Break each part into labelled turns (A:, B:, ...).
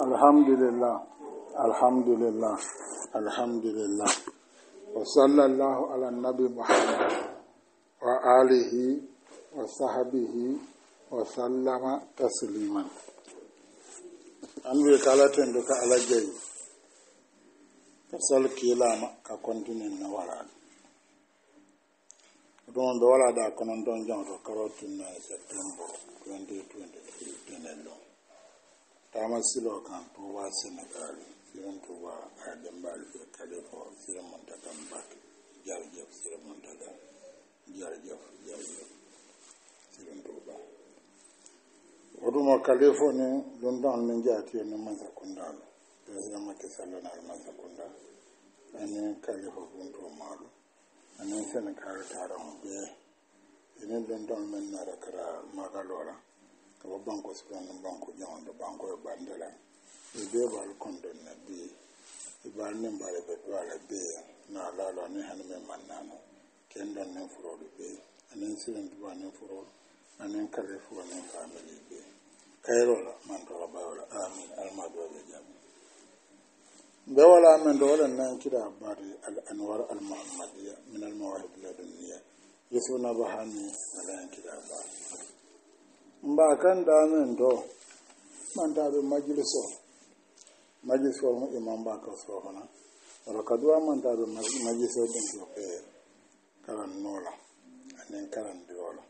A: alhamdulillah alhamdulillah alhamdulillah wa sallallahu ala nabi muhammad wa alihi wa sahabihi wa sallama tasliman an wi kalaten duka alajjai ka salkilama ka kontinen na warani da 2023 tama silo kan tuba senegal sirin tuba arden bal fe kade fo sirin monta kan bak jar jef sirin monta kan jar jef jar jef sirin tuba wodumo kade fo ni ne ɗon min jaatiyo ni masa kundalo president makki sallanal masa kunda ani kun to bunto maɗum ne senegal taron ɓe ne don ne min nara kara magalora wo banko sifanno banko jawondo banko e bandela e bebal kondonna be e bal nin mbale ɓe la be na la anin hani me mannano ken ɗon nin furoɗo be anin sirin duba nin furoɗo anin kare fuwa nin famili be kayrola e mantoka bawola amin almadoɓe jaɓi ɓe wala amin ɗo waɗan nan kiɗa bari al anwar al muhammadiya min al mawahib ladunniya yusufna bahani ala en kiɗa bari mba kan daa mini doo man daa be majiliso majiliso mu imam ba ka so fana wala ka majiliso karan nola anen karan biwala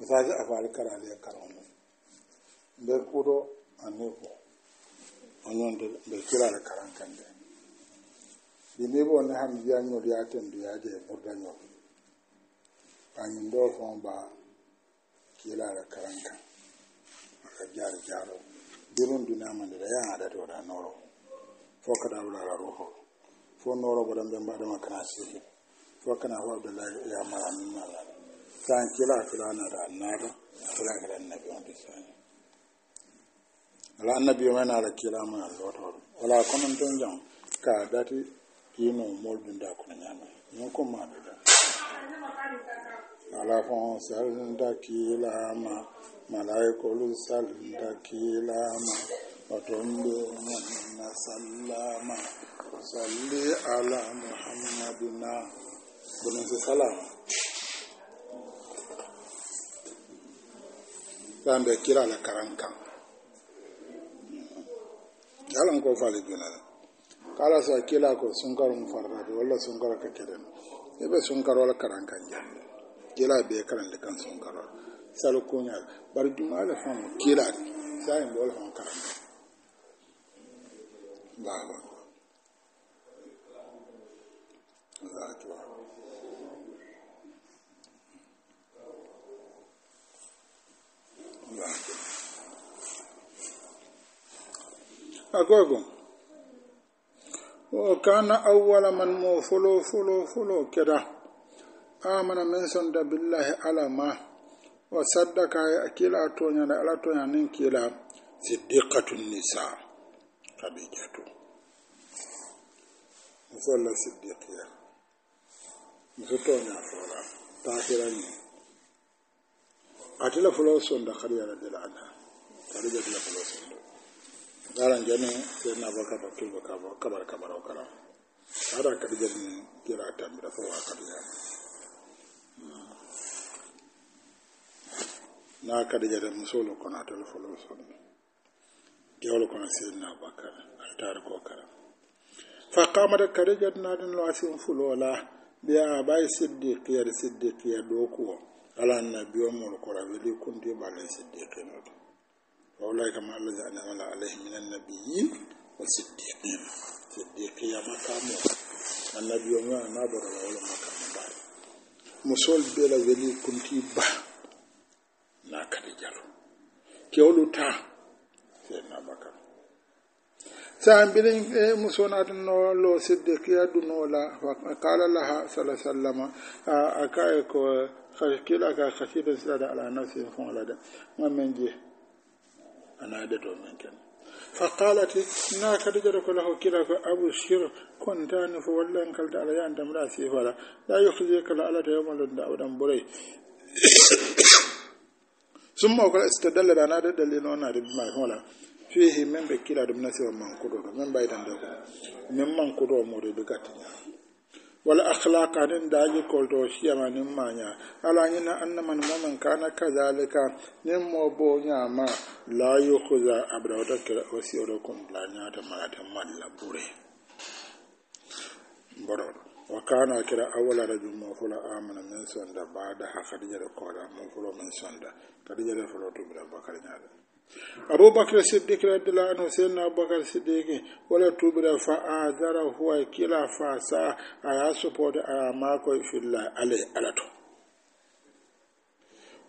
A: misali afali karali karan mu be kudo anebo onon de be kirala karan kande di nebo ne ham biya nyol ya tendu ya je kilara karanka ka jaro jaro dirun duna man da ya hada to da noro fo ka da wala roho fo noro bodan ben ba da makana sihi fo kana ho abdullahi ya mara min mala san kila kila na da annaba fulan da annabi on bi san ala annabi ma na ala kila ma lotor wala kunun tun jan ka dati kino moldun da kunya nyama nyon ko ma da Malakun salin da kilama, malaikulu salin da kilama, waton bema na sallama, salli ala Muhammadina. Bunin salama. Zan da kira da karankan. Yalan ko fali juna Kala sa kila ko sunkar mu farra da wala sunkar ka kiran. Ibe sunkar wala karankan jami'a. jela bee karandi kan sun karar sal kuñal bari duma la famu kiilaadi sayin bool fan karandi baaba agogo o kana awwala man mo folo folo folo keda آمن من سند بالله على ما وصدق كلا تونيا على تونيا نين كلا صديقة النساء خديجة مصلى صديقية مصطونيا فورا تاخرا أتلا فلو سند خديجة رضي الله عنها خديجة فلو سند daran jani sai na baka bakin baka kabar kabar okara ada kadija ni kira tambira fo akadiya na kadi jata musolo kono a tolo folo sonn jawlo kono seydina aboubacar altare ko kara fa kamata kadi jatnaɗen lo asin fulola mbi a bay siddiqi yaɗa siddiqi ya ɗo kuwo ala annabi o mol kora weli kundi ballay e siddiqinoɗe e wawlay kama allah janiala alayhi min annabiyin o siddiqin siddiqi ya makamo annabi o mi ana naboro wawla makamo mbaɗe musol bela weli kunti e baa na ke kewlu ta sai na Bakar sa'an bilin eh, muso na tun no lo siddiqiya duno la wa qala la sallallahu alaihi wasallam aka ko khashkila ka khashidan sada ala nafsi fon alada mamman je ana da to men فقالت نا ne له كلا أبو الشر كنت أنف ولا انكلت على أنت مراسي لا يخزيك لألة يوم لدى أو بري ثم وقال استدل لنا دليل أن بما يقول فيه من بكلا دمنا سوى من كدو من بعيد عن من من كدو موري بكاتنا wala akhlaqa nin daji kolto shiyama nin nya ala nyina annaman momen kana kazalika nin mo bo nyama la yukhuza abda wata kira osi odo kum la ta mala ta malla bure wa kana kira awala da jumma fula amana min sonda ba da ha khadija da kora mun fulo min sonda khadija da fulo to bila bakar nyaade abubakar siddiq radiyallahu anhu sayyidina abubakar siddiq wala tubira fa adara huwa kila fa sa aya support aya mako fillah alai alato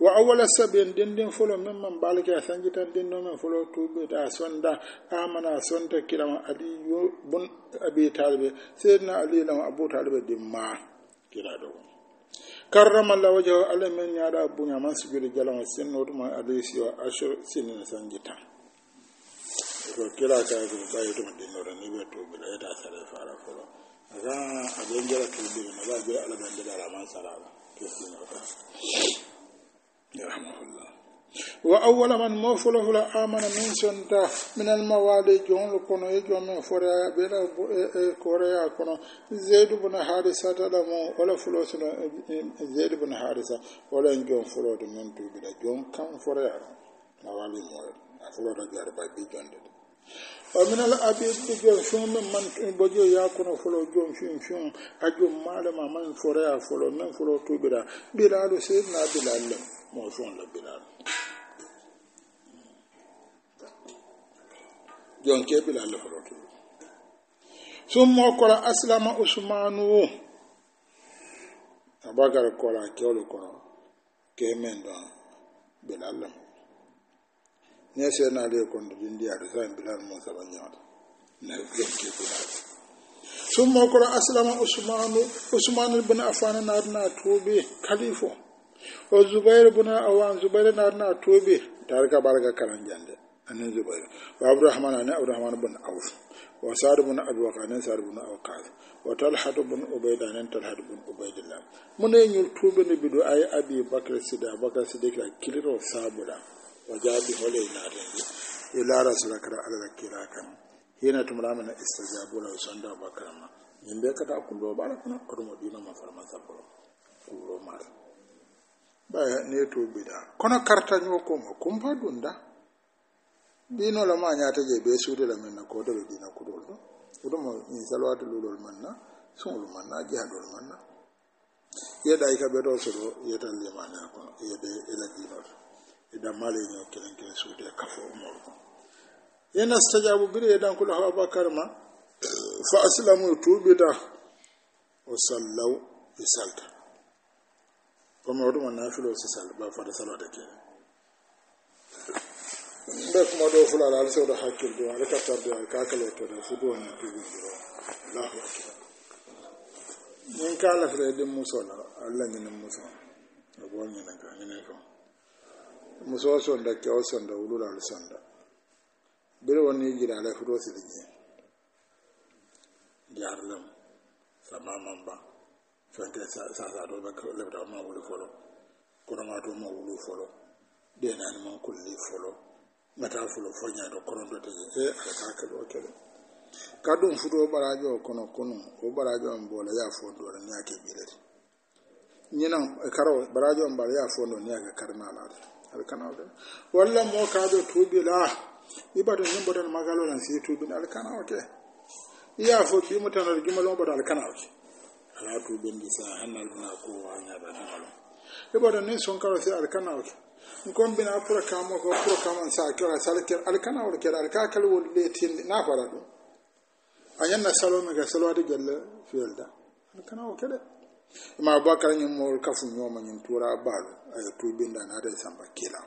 A: wa awala sabin dindin folo min man balike sanjitan dindin min folo tube ta da amana kira ma aliyu bun abi talibe sayyidina ali lan abu talibe ma kira do karrama la wajahu ala min yada ya man sibiri jalan sinno to man alisi wa ashur sinin sanjitan ko kira ka ga bayi to dinno ran ibe to bila ta sare fara folo a abin jira tube na ba jira ala ban da man sarara to sinno ta wa awwala man mo fulo fulo amana min sonta al mawali jonlu e e, e, kono e jom men la e korea kono zaid ibn harisa taɗa mo ola fulo sino zeydu bona harisa ola en jon fulode min tuɓiɗa jon kam foreya mawali mo a fuloda gar ba bi jonde al abid aɓeɗɗo jon fiw min man bojo kono fulo jon fiw fiw a jom malama man foreya folo min folo tuɓiɗa bi seydna bilallem mọ̀ọ́sùn lọ́gbẹ̀rẹ̀ jon keɓila allah horoto summo kora aslama usmanu o abakar kora kewlu kora kemen ɗon bila allah ne senali e kondo dindiyaɗo sa bilan mo saba ñawta ne jon keɓilaɗo summo kora aslama usmanu usmanu bne afana naatna tuubi kalifo o zubairu buna awan zubairu na na tobe tuubi tarika balaga karan jande anin zubairu wa abdourahmane ani abdourahmane bin awf wa sad bun abiwaka anin sad bin awkas wa talha talhatu bun ubayda anin talhatu bun ubaydillah mune tobe ne bidu ay abi bakr bakre bakr abakar ka kiliro sabura wa jabi jaabi holey naatendi ila rasula kara alala kira kan hina tumramana istajabu lahu sonda abakarama ñimbe kata kullo bala kuna oɗumo ɗinoma farma sabura kullo mata baya neto bida kono karta nyo ko ma kumpa dunda bino la ma nyata je be sude la menna ko do dina ko do do do mo ni salawatu lulul manna sunul manna jihadul manna ye dai ka be do so do ye tan le mana ko ye be ela dino e da male ni o kelen kelen sude ka fo mo ko ye na stajabu bire ye dan kula haba karma fa aslamu tubida o sallaw bi salta kuma wadda wannan filo su salba fa da salwa ke bai kuma do fula da alsau da hakil da alka tar da ka kala da su do wannan a Allahu akbar nin ka la fere din muso la Allah ne muso yi ne ka ne ka muso son da ke son da wulula son da bere da jira la da sidje yarlam sama mamba fanke sasato lebta ma ma o kono kono o barajo on bola ya fondore ni ake karo barajo on ya fondo ni ake karnalade ala kanawde walla mo kajo tuubila ibato ñimbotan magalolan si tuubina ala kanawte iya fo bimo tanata jumalon boto ala kanawte ala tu bendi sa hannal buna ko wañaɓe ata kala iɓoɗo nin sonkaro si alkanawol kon bina pura kamo ko pura kamo sa kera sal ker alkanawol kera alka kala wol letinde na fara ɗum a ñanna salome ka salwade gelle fiyolda alkanawol kede ma bakara ñin mowol kafu ñoma ñin tura baalu aye tubinda naata e samba kila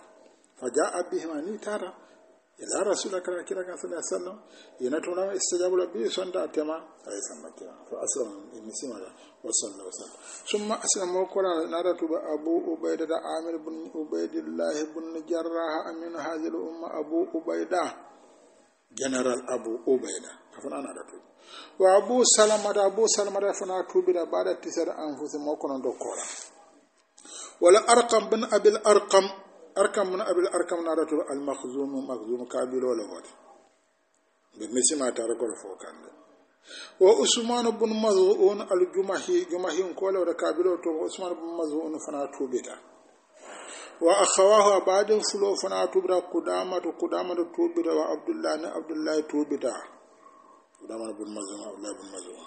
A: fa ja abbihima ni tara idan rasula kala kira kan sala sallam yana tona istajabu rabbi sonda atema ay sammatira fa aslam da wa sallallahu sallam summa aslam wa qala naratu tuba abu ubaida da amir bin ubaydillah bin jarrah amin hadhihi umma abu ubaida general abu ubaida na da tu wa abu salama da abu salama da fana tubira bada tisar anfusi mokonon do kora wala arqam bin abil arqam أركم من أبل أركم نارا تلو المخزوم مخزوم كابيل ولا غادي بمسي ما تارك الفوكان وعثمان بن مزعون الجمهي جمهي انقوله ركابيل وتو عثمان بن مزعون فنا توبتا وأخواه بعد فلو فنا توبرا قدامة قدامة توبتا وعبد الله عبد الله توبتا قدامة بن مزعون عبد الله بن مزعون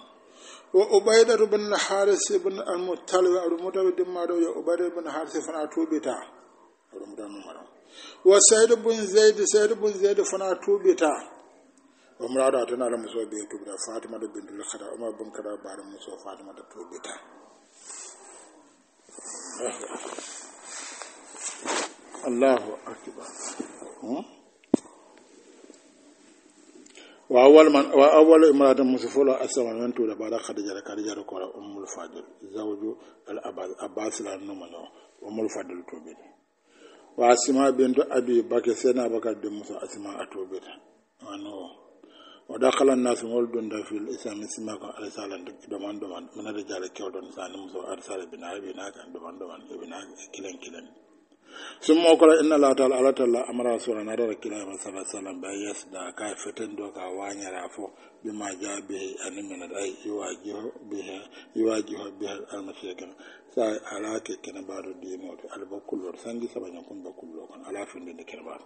A: وعبيدة بن الحارث بن المطلب المطلب دمارو يا عبيدة بن الحارث فنا توبتا wa sayidu bun zaidi sayidu bun zaidi fana tubita wa da tana da muso biyu tubita fatima da bintul khada umar bin kada bare muso fatima da tubita Allahu akbar hmm? wa awwal man wa awwal imra'atin musafala asman da bara khadija da khadija da kora ummul fadil zawju al abbas abbas la numana ummul fadil tubita wa asima bintu abi sai sena bakar bin musa asima a ta wani wa dakala nasu wal da fil islam isma ko arsala doman doman mana da jara kyau don sani musa arsala bin abi na kan doman doman na kilan kilan sun kola inna lata ta'ala ala su amara sura na dara kila ba saba salam ba yes da ka fitin do ka wanya rafo bi ma ja bi ani min da yuwaji bi yuwaji bi al masyakan sa ala ke kana ba do di mo al bakullo sangi saba nyon kun bakullo kan ala fin de kana ba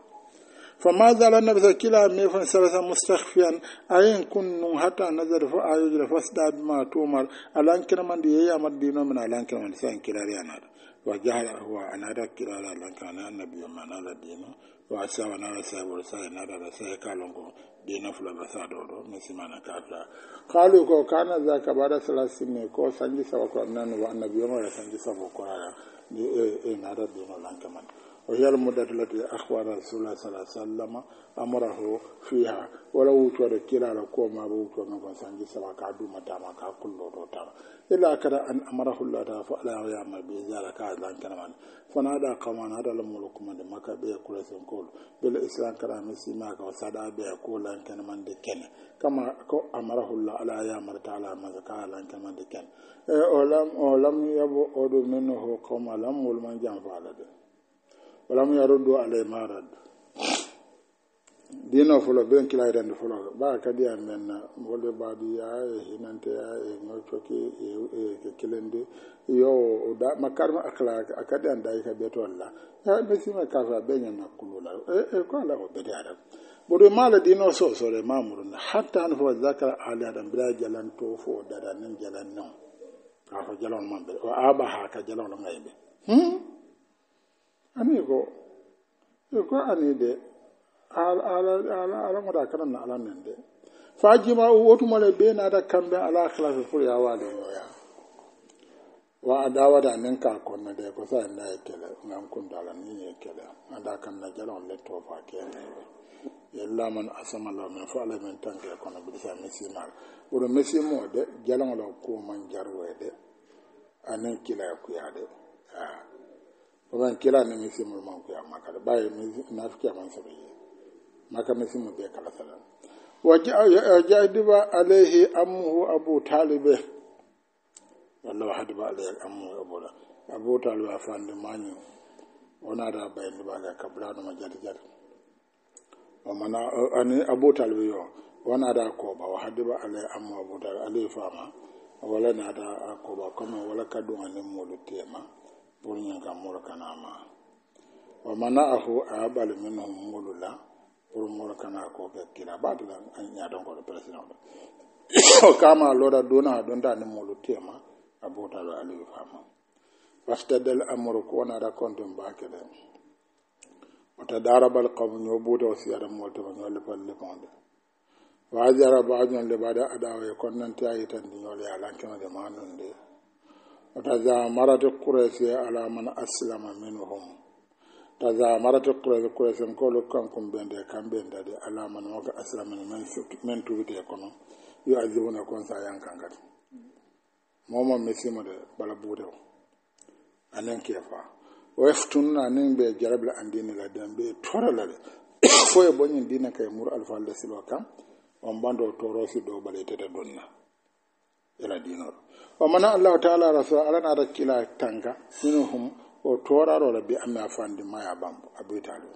A: فما زال النبي كلا ميفن سلسا مستخفيا أين كن حتى نظر فأيوج لفسد ما تومر ألان كرمان دي يامد دينو من ألان كرمان سان كلا ريانا وجعله أنادا كرالا لك أنا نبي من هذا دينه وأسوى أنا رسائل ورسائل أنا رسائل كالونغو دينه فلا بسادورو مسيمانا كافلا قالوا كو كان ذاك بعد سلاسين كو سنجي سوى قرآن وأن نبي يوم سنجي سوى قرآن إيه إيه هذا دينه لك من وهي المدة التي أخبر رسول الله صلى الله عليه وسلم أمره فيها ولو توجد كلا لكو ما وجود من فسنج سبع كعدو متى كل روتار إلا كذا أن أمره الله تعالى فلا يعمل بذلك هذا كنمان فنادى قوان هذا الملوك من مكة بيقول سنقول بالإسلام كلام مسيما وسادا بيه كل كان من دكان كما أمره الله على يعمل تعالى ما ذكر كنمان كان من دكان أولم يبو أدو منه قوم لم ولم جانفالده wala mu yaro do alay e marad dino fulo ben kila e den fulo ba kadi amen wolbe badi ya e hinante ya e ngocho ki e, e ke kelende yo da makarma akla akadi an dai ka betolla ya be sima ka fa benya na kulula e ko ala ko beti adam bodo mala dino so so le mamurun hatta an fo zakara ala adam bra jalan to fo dara nan jalan non ka fo jalon mambe o aba ha ka jalon ngaybe hmm anigo ko ani de ala ngoda kanan na ala nan de fajima wotumale be kan kamɓe ala kilafe pour ya no ya wa a dawada nen ka na de ko sa na na kun da la ni ye kele anda na jalo le to fa keneɓe yalla man la min fo ala min tanke o bidisa misimal ɓuɗo mo de ko man jarwe de anen kila de a kira ni misimu mankuya makala baye nafikia mansabiye maka misimu be kala sala wajadiba alayhi amuhu abu talibe walla wahadiba alayhi amuhu abu abu talibe afande manyu ona da baye ndibaga kabla no majati jati o mana ani abu talibe yo wana da koba wahadiba alayhi amuhu abu talibe alayhi fama wala na da koba kama wala kadunga ni mulu tema burnya ga murkana ma wa mana'ahu abal minhu mulula bur murkana ko ga kira ba da an ya don ko president o kama loda dona don da ni mulu tema abota da ali fama fastadal amru ko na da kontum ba ke da wa tadarabal qawm yubuda wa siyara multa ba ngol fal le konde wa jara ba ajon le bada adawa e ko nan tayitan ni yo le alankema de manunde وتذامرت قريش على من أسلم منهم تذامرت قريش قريش كل كان كم بين ده كم بين ده على من وك أسلم من من تويت يكونوا يعذبون يكون سايان كانت موما مسيما ده بلا بودو أنين كيفا ويفتون أنين بجرب لأندين لدين بتورا لدين فوي بني دينك يمر ألف الله سلوكا ومبان دو توروسي دو بلا يتدون ila dinar wa mana Allah taala rasula arana da kila tanga minhum o tora ro rabbi amma fandi maya abu abitalu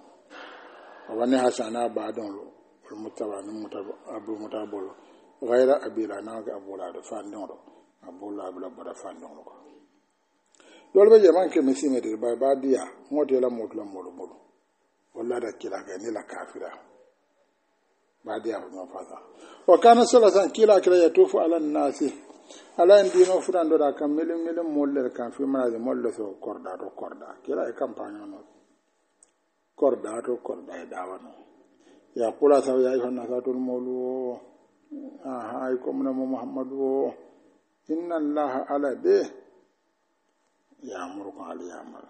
A: wa wani hasana ba don ro mutaba ni mutaba abu mutabolo gaira abila naga abula do fandi la abu la bada fandi ro ko lolu be jama'an ke mesime da ba ba dia moti la moti la molo bolo walla da kila ga ni la kafira ba dia ba mafaza wa kana sallallahu kila kira kila tufu yatufu ala nasi ala en mbino futandoɗa kam milim milim mollere kam fimanaji molle so korda to korda kila e campagne ono korda to korda e dawano ya kula saw yaifa nasatul molu o aha e commune mo mouhammadou o inna llaha ala be yamuru ko ala yamar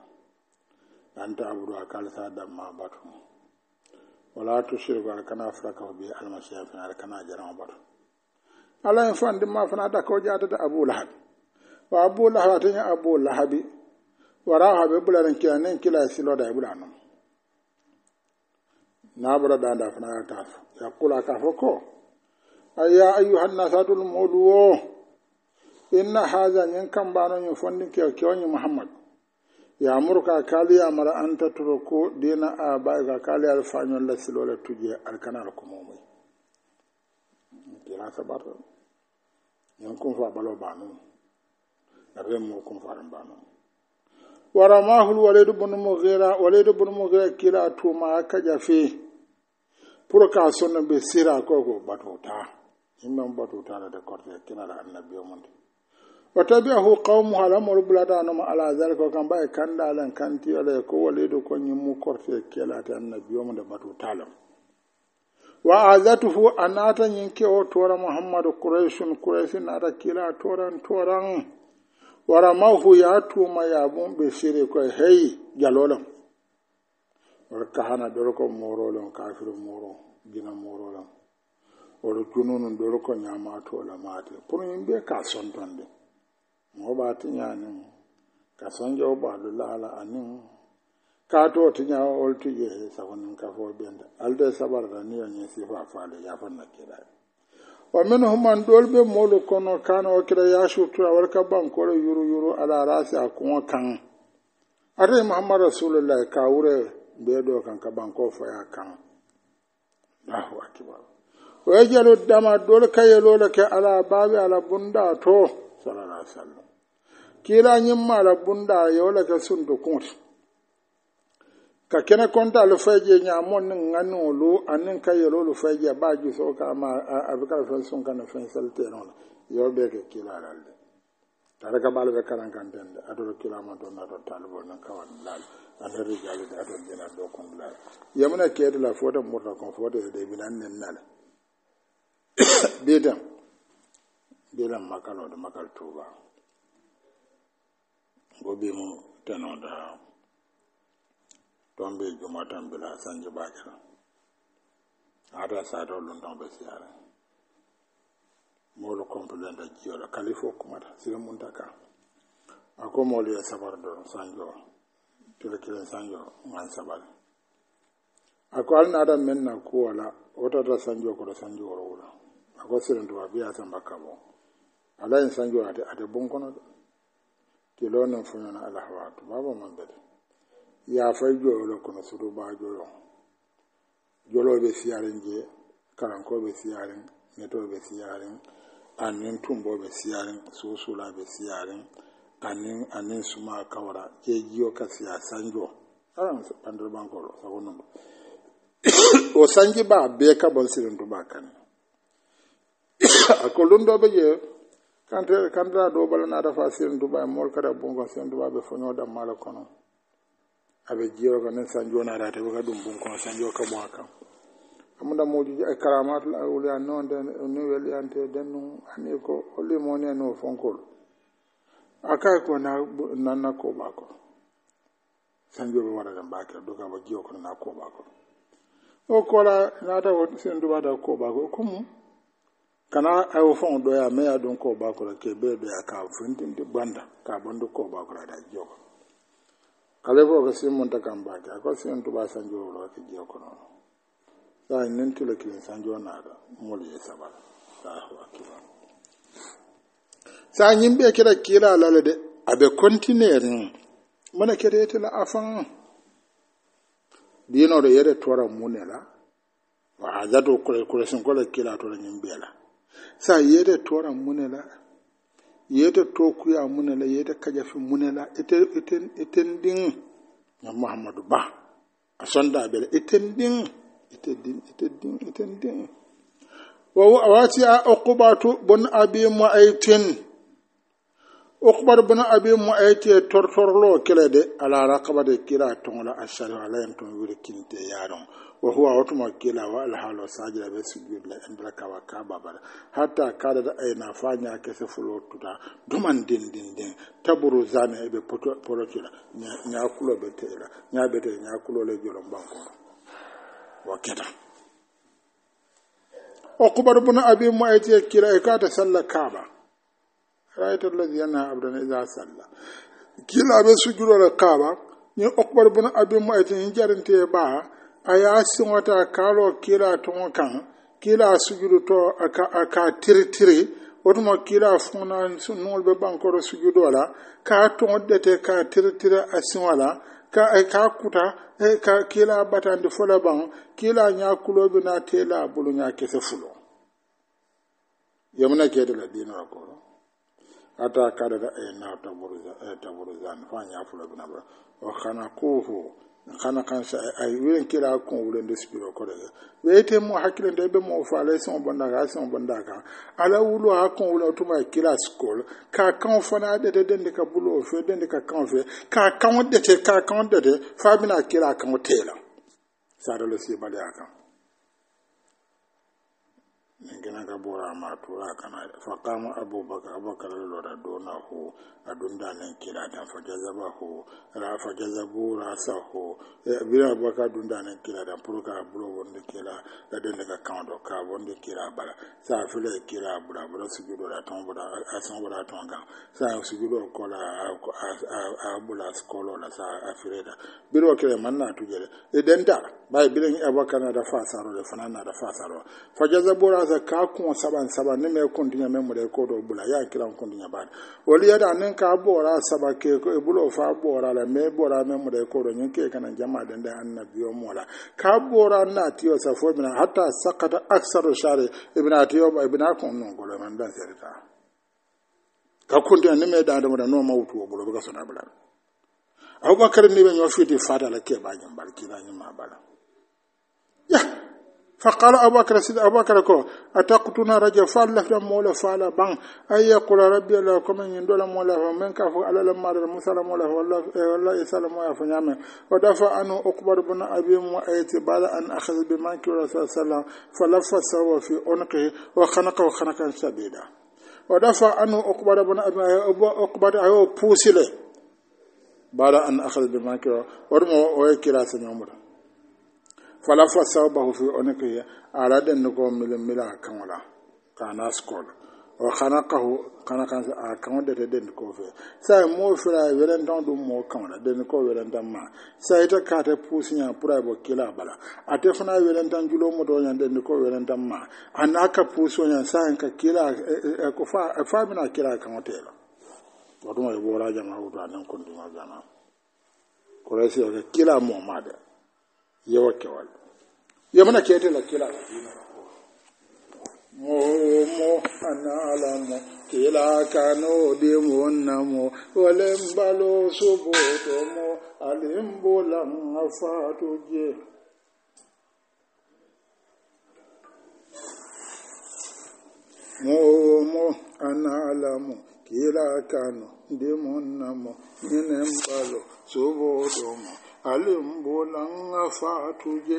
A: anta aboudou a kalisa damma batu wala tusirgo a kana fraka ko be almasiha fin ara kana jarama batu ala ye fandi ma fana da ko jata da abu lahab wa abu lahab ata nya abu lahabi wara ha be bula ran kila nen kila silo da ibula no na bula da da fana ta ya kula ka foko ayya ayyuhan nasadul muluwo inna haza nyen kan bano nyen fondi ke ke onyi muhammad ya murka kali ya mara an ta turko dina a ba ga kali alfanyon la silo la tuje alkanal lan sabarta ñon kum fa balo banu arre mo kum fa ran banu ورماه الوليد بن مغيرة وليد بن مغيرة ko توما كجفي بركا سنة بسيرة كوكو باتوتا إمام باتوتا لدكورة كلا النبي ومنتي watabi'ahu qawmuhu alamul bulada no ma ala zalika kan bay e kandalan kanti ala ko wale ko nyimmu korte kelata annabi yo da batu talam wa azatuhu anata yinke o tora muhammadu qurayshun qurayshin ata kila toran toran wara mahu ya tuma ya bun be sire ko hey jalola war kahana doro ko morolon kafiru moro gina morolon wara jununun doro ko nyama to la mate pour yimbe ka tande mo ba tinyani ka jo ba lulala anin kato tinya ol tu ye sa won ka fo benda alde sabar da niyo fa fa faale ya fanna kira wa min man dol be molu kono kana o kira ya shutu awal ka ban ko yuru yuru ala rasi a kuma kan are muhammad rasulullahi ka wure be do kan ka ban ko fo ya kan allahu akbar o yajalu dama dol ka yelo la ke ala babi ala bunda to sallallahu alaihi wasallam kila nyimma ala bunda yola ke sundu kunti ka kene konta lu feje nya mon nganu lu anin ka yelo lu feje ba ju so ka ma abika fen sun kana fen salte non yo be ke kila lalde tare ka balbe karan kan den adoro kila ma don na don talbo nan ka wan lal anan jali da adon jina do kon lal yamuna ke da la foto murta kon foto de binan nen nal bidan bidan makalo da makal tuba gobe mu tanon da tombe juma tambila sanji bakira ata sato lun tombe siyara molu komplenta jiyola kalifo kumata sila muntaka ako molu ya sabar do sanjo tele kilen sanjo ngan sabar ako alna ko menna kuwala wotata sanjo koto sanjo woro wula ako sirintuwa biya samba kabo ala yin sanjo ate ate bon kono de kilo nan funyana alahawatu baba man bede yafa jɔyɔ la kono sudubaa jɔyɔ jɔlɔ bɛ siyariŋ je karankɔ bɛ siyariŋ netɔ bɛ siyariŋ aniŋ tumbɔ bɛ siyariŋ soosula bɛ siyariŋ aniŋ aniŋ suma kawara je jiyo ka siya sanjɔ araŋ pandiribankɔrɔ sago nomba o sanji ba bɛɛ ka bɔn sirintu baa kani a kolun dɔ bɛ je kantira dɔw bala naa dafa sirintu baa ye mɔl kada bon ka sirintu baa bɛ fɔ da mala kɔnɔ aɓe jiyoro ko nen sanjo naarate ɓe ka ɗum bun kono sanjo ka ɓo a kam amunda mujuji ay eh, karamatul awliya noon den ni weliyante den ɗum ani ko hollimoni e no fonkol akay ko na nanna koɓa ko sanjoɓe waɗaɗen mbakel dogaba jiyo kono na koɓa ko o kola nata o sen duwata koɓa ko comme kana ayo eh, fon ɗoya meya ɗum koɓa kola ke ɓe ɗoya ka fentinti banda ka bandu koɓa kola da jiyo kala fo ko simmunta kam baake ako sin tuba sanjowolo ke jiya konono sa nin tulo kilin sanjo naɗa mol ye sabal allahu akbar sa yimɓe kira la lala de aɓe contineerin mona keretela afan dinoɗo yere tora mune la wa ajato kule kule sin kole kila tora yimɓe la sa yere tora mune la yeta tokuya la yeta muna la iten iten iten ding ya muhammadu ba a sonda bele iten ding iten ding iten ding iten ding wa wati a ukubatu bun abi mu'aytin uqbar bun abi mu'ayti tortorlo kele de ala raqaba de kira tongola ashari alayhim to wuri kinte yaron wa huwa watu wakila wa alhalo sajida be sujudla embraka wa kaba bala hatta kada da aina fanya kese fulo tuta duman din din din taburu zane ebe polo tula nya kulo be le jolo بن أبي معيط يكلا إكاد صلى كعبة رأيت الذي ينهى عبدا إذا صلى كلا بسجود الكعبة ni okbar bin abin ma'aikin jarin ta ya ba a y'a siŋo ta kaa lɔ kiila toŋo kaŋ kiila sujudutɔ a ka tiritiri wo tuma kiila fuŋna nuŋol be bankoro sujudo la da toŋo k'a tiri tiri a siŋo la ka ka kuta ka kila batande fola ban kila nya kulo bina tela bulu nya kese fulo yamna ke da dina ko ata ka da e na taburu zan taburzan fa nya fulo na ba wa khanaquhu kana kansa ay wiren kira kon wulen de spiro ko daga wete mo hakkilen de be mo faale son bonda ga son bonda ga ala wulo ha kon wulo tuma kila skol ka kan fana da de den ka bulo fe den ka kan fe ka kan da te ka kan da de fa bina kila kan tela sara lo si bada kan min kina ka bora ma tura kana fa kama abubakar abubakar lura dona ho e, a dunda nan kira dan fa jazaba ho ra fa jazabu ra sa ho bira abubakar dunda nan kira dan purka buro wonde kira da den daga kan do ka wonde kira bara sa fule kira bura bura sujudo da ton bura asan bura ton ga sa sujudo ko la a bula kɔlɔ la sa afireda biro kire manna tujere idan e, da bai birin abubakar na da fasaro da fana na da fasaro fa jazabura asa ka kun saban saban ne me kundin dinya me mure ko do bula ya kiran kun dinya ba wali ya da nan ka bora saba ke ko bulo fa bora la me bora me ko do nyin ke kana jama'a dan da annabi yo mola ka bora na tiyo sa fo hatta sakata aksaru shari ibn atiyo ba ibn akun non golo man dan serta ka kun dinya ne me da da no mawtu bulo ba sona bula abubakar ne ban yo fiti fata la ke ba nyin barki na nyin ma bala فقال أبو بكر سيد أبو بكر كو أتقتنا رجا فالله مولا فالا بان أي يقول ربي الله كما يندول مولا فمن كفو على لما المثل مولا والله إيه، والله يسلم ويفنيام ودفع أنه أكبر بن أبي مؤيت بعد أن أخذ بمنك رسول الله فلف سوى في عنقه وخنقه وخنقا شديدا ودفع أنه أكبر بن أكبر أيو بوسيله بعد أن أخذ بمنك ورمو ويكلا سنعمره fala fa sagba fu ona ke ala den no mil mil kan wala kana skol o kana ka ho kana kan a kan de de den ko fe sa e mo fura veren don do mo kan wala den ko veren dan ma sa ita e ka te pusinya pura bo kila bala ate funa veren dan julo mo do nya den ko veren dan ma anaka puso nya sa en ka kila e, ko fa fa mina kila kan wote la o do mo bo ra jama ho ta nan kun di ma jana ko re si o ke kila mo ma de yewa ke wala yo mana kiyetela kila kadina momo analamo kila kano dimonamo walembalo subotomo alimbulangafatuje momo analamo kila kano dimonamo ninembalo subotomo alimbulangafatuje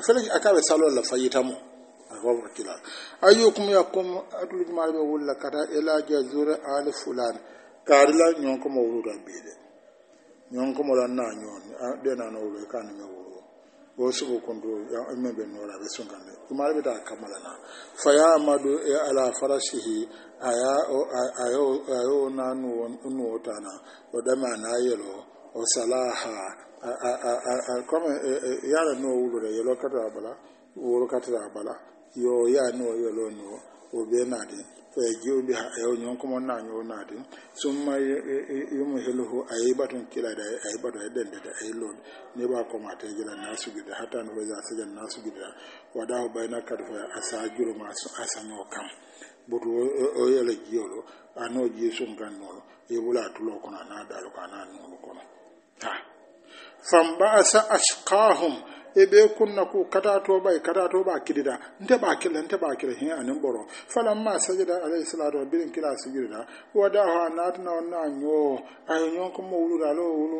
A: afele akaɓe salolla fayitamo ahwawra kilal ayyukum yakkum atuluji maɗa ɓe wulla kata ila jazure al fulan nyon ko mo de nyon ko mo ran na ñooni ɗenano wulo kani me wulu wo sugo konto men ɓe noora ɓe sungande jumaɗa ɓe ta na faya amadu e ala farasihi ayo ayo na nu tana o ɗame na yelo o salaha comme yaala noo wuluda yeloo katara bala woro katara bala yo yaa noo yeloo noo o bee naati jiw bi ayo ñon komo naa ñoo naati summa yumu yi ayi batun kilade ayi batu ayi ne ba lool ni baa komate jila naa sugida hatta no na da na sajal naa sugida wadahu bayna ma a juluma asañoo kam butu o ji yele jiyolo anoo jii sunkan noolo yebula tuloo kono anaa daalu ko anaa nuulu kɔnɔ. ha فانبعث أشقاهم e ɓe kunna ko katatoɓa e katatoɓa kiɗiɗa nteɓa killa nteɓa kila he anin ɓoro falamma sajada alayhi salatu wa birin kila sigiɗiɗa wadaho a natana on na ñoo ayo ñon ko mo wuluɗa alo wulu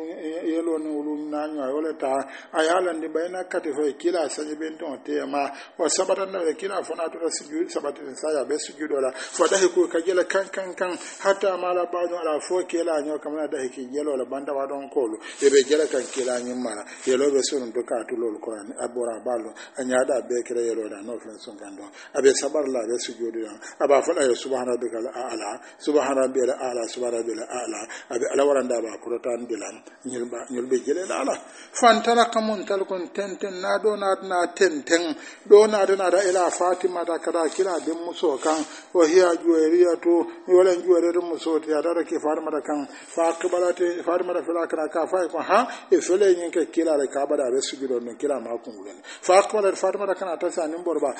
A: yelo ni wulu naño a wole ta a yalandi ɓayna kati foye kila sañi ɓen ton tema o saɓatannaɓe kila fona tota sujud saɓatini saya ɓe sujuɗola fo ɗahi ko ka jela kan kan kan hatta mala baɗum ala fo kila ño kamana ɗahi ki jelola bandawa ɗon kolu eɓe jela kan kila ñimmana yeloɓe sunum to katulolu alkurani a balo a b'a a da be bɛɛ kɛra da n'o fɛnɛ sun kan dɔn sabar bɛ la a bɛ sujudu ya aba b'a ya a ye subahana bɛ kala a ala subahana bɛ ala subahana la ala a bɛ ala waran da b'a kɔrɔta dilan de la ɲɔli da la ala fantala kamun talikun tenten n'a do n'a tɛna tenten do n'a na da ila fatima da kada da kira den muso kan wa hiya juwariya to ni wala juwariya muso ta da rake ke fatima da kan fa kibala ta fatima da fila kana ka fa ko ha e sole yin ke kila da ka bada da su gidan kila ma kungulen fatmata fatmata kana ta sa nin borba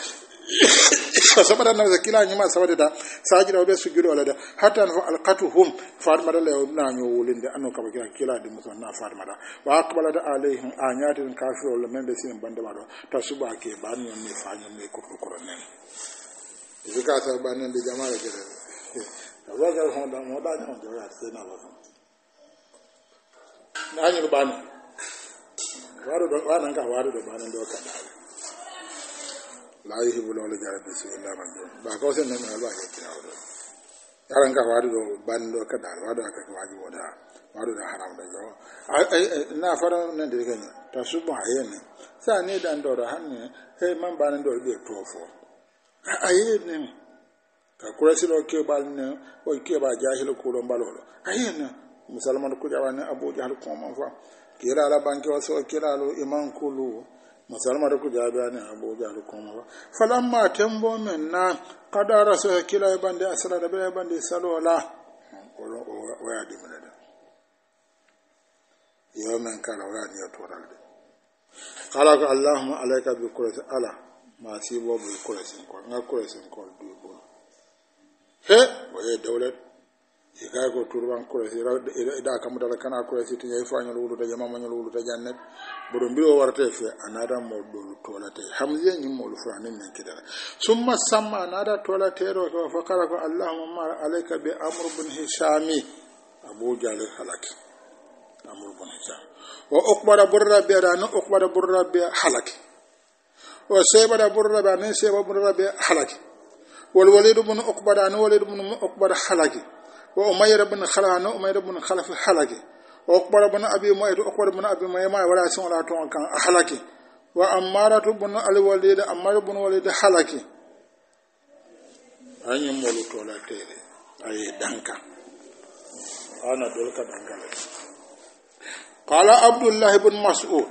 A: sabada na kila nyima sabada da sajira be sujudo la da hatta an alqatuhum fatmata la na nyo wulinde anno kaba kila kila de musa na da. wa aqbala da alaihim anyatin kafiru la membe sin bande ma do tasuba ke ban nyon ni fa nyon ni ko ko ne. zika ta ban nan de jama'a ke da wa ga honda mo da nyon do ya tsena ba na nyi ba waɗo ɗon waɗan kam waɗuɗo ɓaɗande o kaɗaɓe la yuhibu lawla jarabi silla man sen alba ka waɗuɗo ɓaɗande o kaɗaɓe waɗo akkake waji woda waɗuɗo haramɗo na fara ta a ka kurasiro keɓal ne o keɓa jahilo kuɗo mbaloɗo a yenne musalmano kuƴawa ne kira ala banke waso kira alo iman kulu masalma e da ku jabi ani abu jalu koma ba falan ma tembo men na kada raso kira e bande asara da bai bande salo la kolo o waya di mena da yo men kala waya ni otoral de kala ko allahumma alayka bi kurasi ala ma si bo bi kurasi ko nga kurasi ko du bo he eh, waye dawlat e kay ko turban kurasi ida kamudala kana kurasi tiña i fañol wuluta jamamañol wuluta jannet boɗo mbiro warate fe a naata moɗolu tolate hamsiya ñimmolu furani men kitala summa samma a naata tolateɗo ko fakara ko allahuma mara alayka be amre bun hisami abou diale halaki amre bun hisam o okbata borrabe aɗa ni okbata borrabe halaki o seeɓaɗa borrabe anin seeɓa borrabe halaki wol walidu bun okbata ani walidu bun okbata halaki wa umayr ibn khalana umayr ibn khalaf halaki wa ukbar ibn abi mu'ayt ukbar ibn abi mu'ayt ma wala sun wala ton kan halaki wa ammar ibn al walid ammar ibn walid halaki an yi mulu la tere ayi danka ana dolka danka qala abdullah ibn mas'ud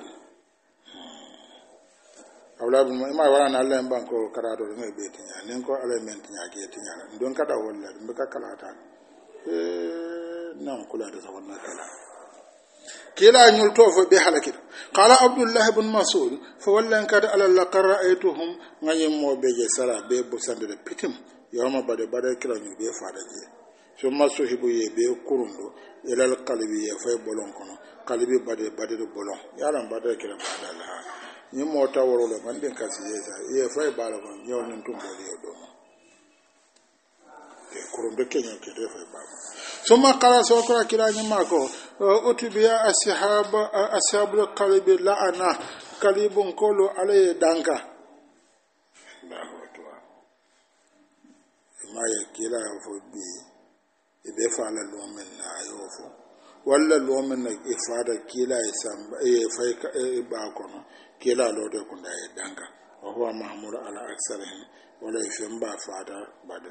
A: awla bin ma wala na Allah ban ko karado ne beti tinya nin ko ala men tinya ke tinya don kada walla mbaka ka kalata Eh, nan kula da zaman lafiya kila ñol to fo ɓe halakita kala abdoullahi bun masud fo wallan kadi alallah kad ra'aytuhum gañimmoɓe je sara ɓe bosandede pitim yawma baɗe baɗe kilañol ɓe fada je summa sohibu ye ɓe kurunɗo ilal kalbi ye fay bolon kono kalbi baɗe baɗede bolon yalan baɗe kila maɗalla ha ñimmo taworole man ɗin kasi yeysa ye fay baala kon ñewnin tumboɗi yo ɗoma koron be keñen kede fo bama summa qala sokora kirañima ko utubiya ashaba ashabul kalibi la'ana kalibun kolo alaye danka ma ye kila fo bi i be fa la lɔ min na a y'o fɔ walla lɔ min na i fa da kila ye sanba e fa e ba kɔnɔ kila lɔ de kun da ye danka wa huwa mahmud ala aksarihim wala ye fɛn ba fa da ba de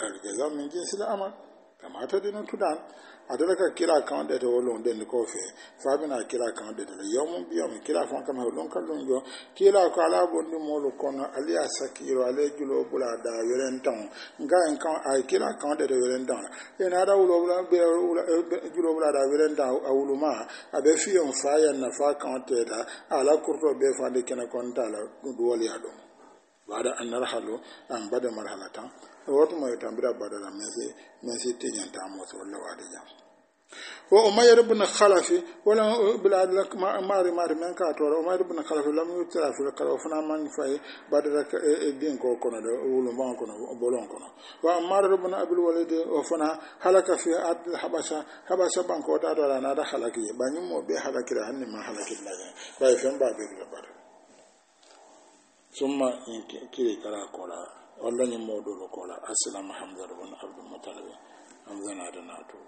A: algazam min jinsi al'amal kama ta dinin tudan adala ka kira kan da ta wolon den ko fe fa bina kira kan da da yawmun biya mun kira kan kama lon kan lon yo kila ko ala bon ni molo kono ali asakiro ale julo bula da yoren tan ga en kan ay kira kan da da yoren tan en ada wulo bula be julo bula da yoren tan awuluma abe fi on fa ya na fa kan te da ala kurto be fa de kena kon ta la duwali ado bada an narhalo an bada marhalatan wato mai tambira badala mense ta motsa solla waade jam wa umayr ibn khalafi wala uh, bilad lak mari mari men ka tora umayr ibn khalafi lam yutara fi kala fana man fay badara e din e, ko kono do wulun ban kono bolon kono wa ammar ibn abul walid o uh, fana halaka fi ad habasha habasha ban ko da tora na da halaki banyum mo be halakira ni ma halaki la bay fen ba be la bar summa in kire kala kola walla ñiŋ moo doolu ko la asilamu hamdar bun abdulmutalibe hamdan adana to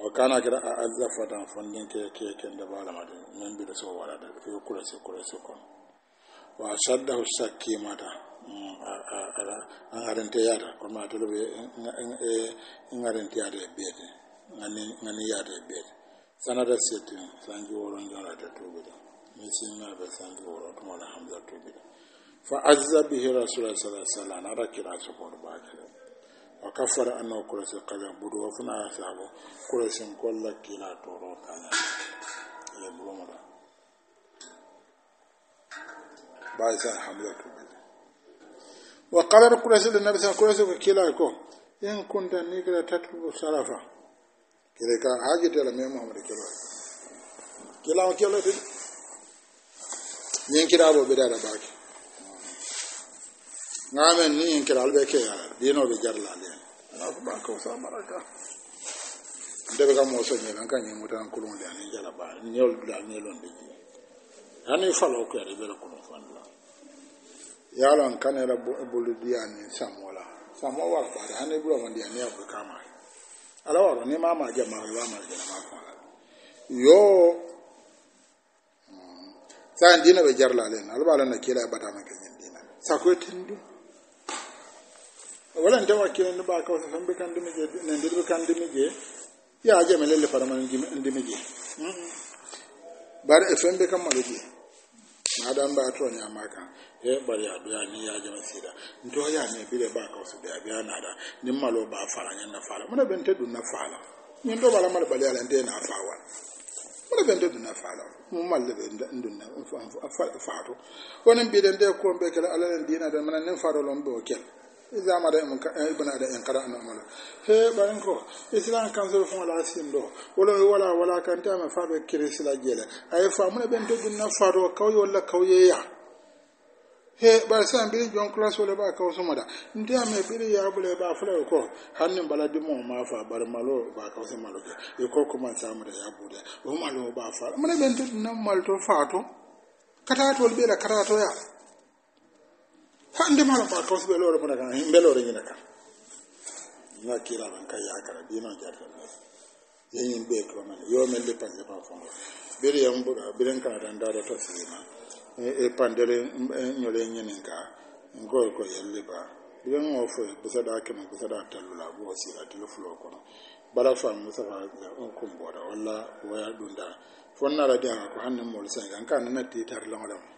A: wa kana kira a azza fatan fondin ke ke kende balamadi nan bi da so wala da fi kurasi kurasi kon wa shaddahu shakki mata mm, an ya yata kuma a be in harinte yata e beete ŋani yata e beete sanata setin sanji woron da nisi misinna be sanji kuma da hamza hamdar da. fa'azza bihi rasulullah sallallahu Na wasallam ara kira ce kwaru wa kafara anna kurasi qadam budu wa funa sabu kurasi kullu kila toro ta kana ya bulama ba bai san Hamza ko ba wa kalar kurasi da nabi sallallahu alaihi kila ko in kunta ni kira tatbu sarafa kire ka hajita la mai muhammad kila kila kila ne kira bo da baki ŋaame ni en inkiraal bɛ ke ya dino be jari laaliya ah, ba ka wusa baraka n de bɛ ka mɔɔ sɔn ɲɛla kan ni ɲɛ mutan kulun le ni jala ba ni yol da ni lon de ani falo ko re be ko no fan la yala n kan era bo e di yan ni samɔ la samɔ ba de ani bro man di yan ni y'a bɔ k'a ma ala wari ni maa ma jɛ ma i ma jɛ maa kuma la yoo saa diinɛ bɛ jari laaliya na ale b'a la na k'i la ta ma ke ɲɛ diinɛ sakoye tɛ n walantewa kenu ɓa kawsa sambe kan dimije nendirɓe kan dimije ya jeme lelle paramandimije mm-hmm. bar e fembe kam malo je madam ba to nyama kan e bar ya biya ni ya jama sida to ya ne bile ba ka sida biya na da ni malo ba fara nyen na fara mun ben tedu na fara ni do bala mal bali ala ndena fawa mun ben tedu na fara mun mal le ben ndun na fa fa fa to wonen bi den de ko be kala ala ndina dan manan nem faro lon do kel iza ma da ibna da in qara anamala he barin ko islam kan zo fun la sin do wala wala wala kan ta ma fa be kirisila jela ay fa mun ben to na fa do la wala kawye ya he bar san bi jon class wala ba kaw so da N'ti a me bi ya bule ba fa ko hannin baladi mo ma fa bar malo ba kaw malo ke e ko kuma samu da ya bude o malo ba fa mun ben to na mal to fa to kata to bi la kata to ya hande mala ba kawsi be loro mona kan himbe loro nyina kan na kira ban kai ya kara bi na jarta na yin be ko man yo men le panje ba fon bere yam bura bere kan dan da da tafsi ma e pandele nyole nyene ka ngol ko yelle ba bere mo fo bu sada ke mo bu sada talula bo sira tilu fulo ko bala fa mo sa on kumbo da walla waya dunda fonna la dia ko hanne mo sen kan kan na ti tar lamalam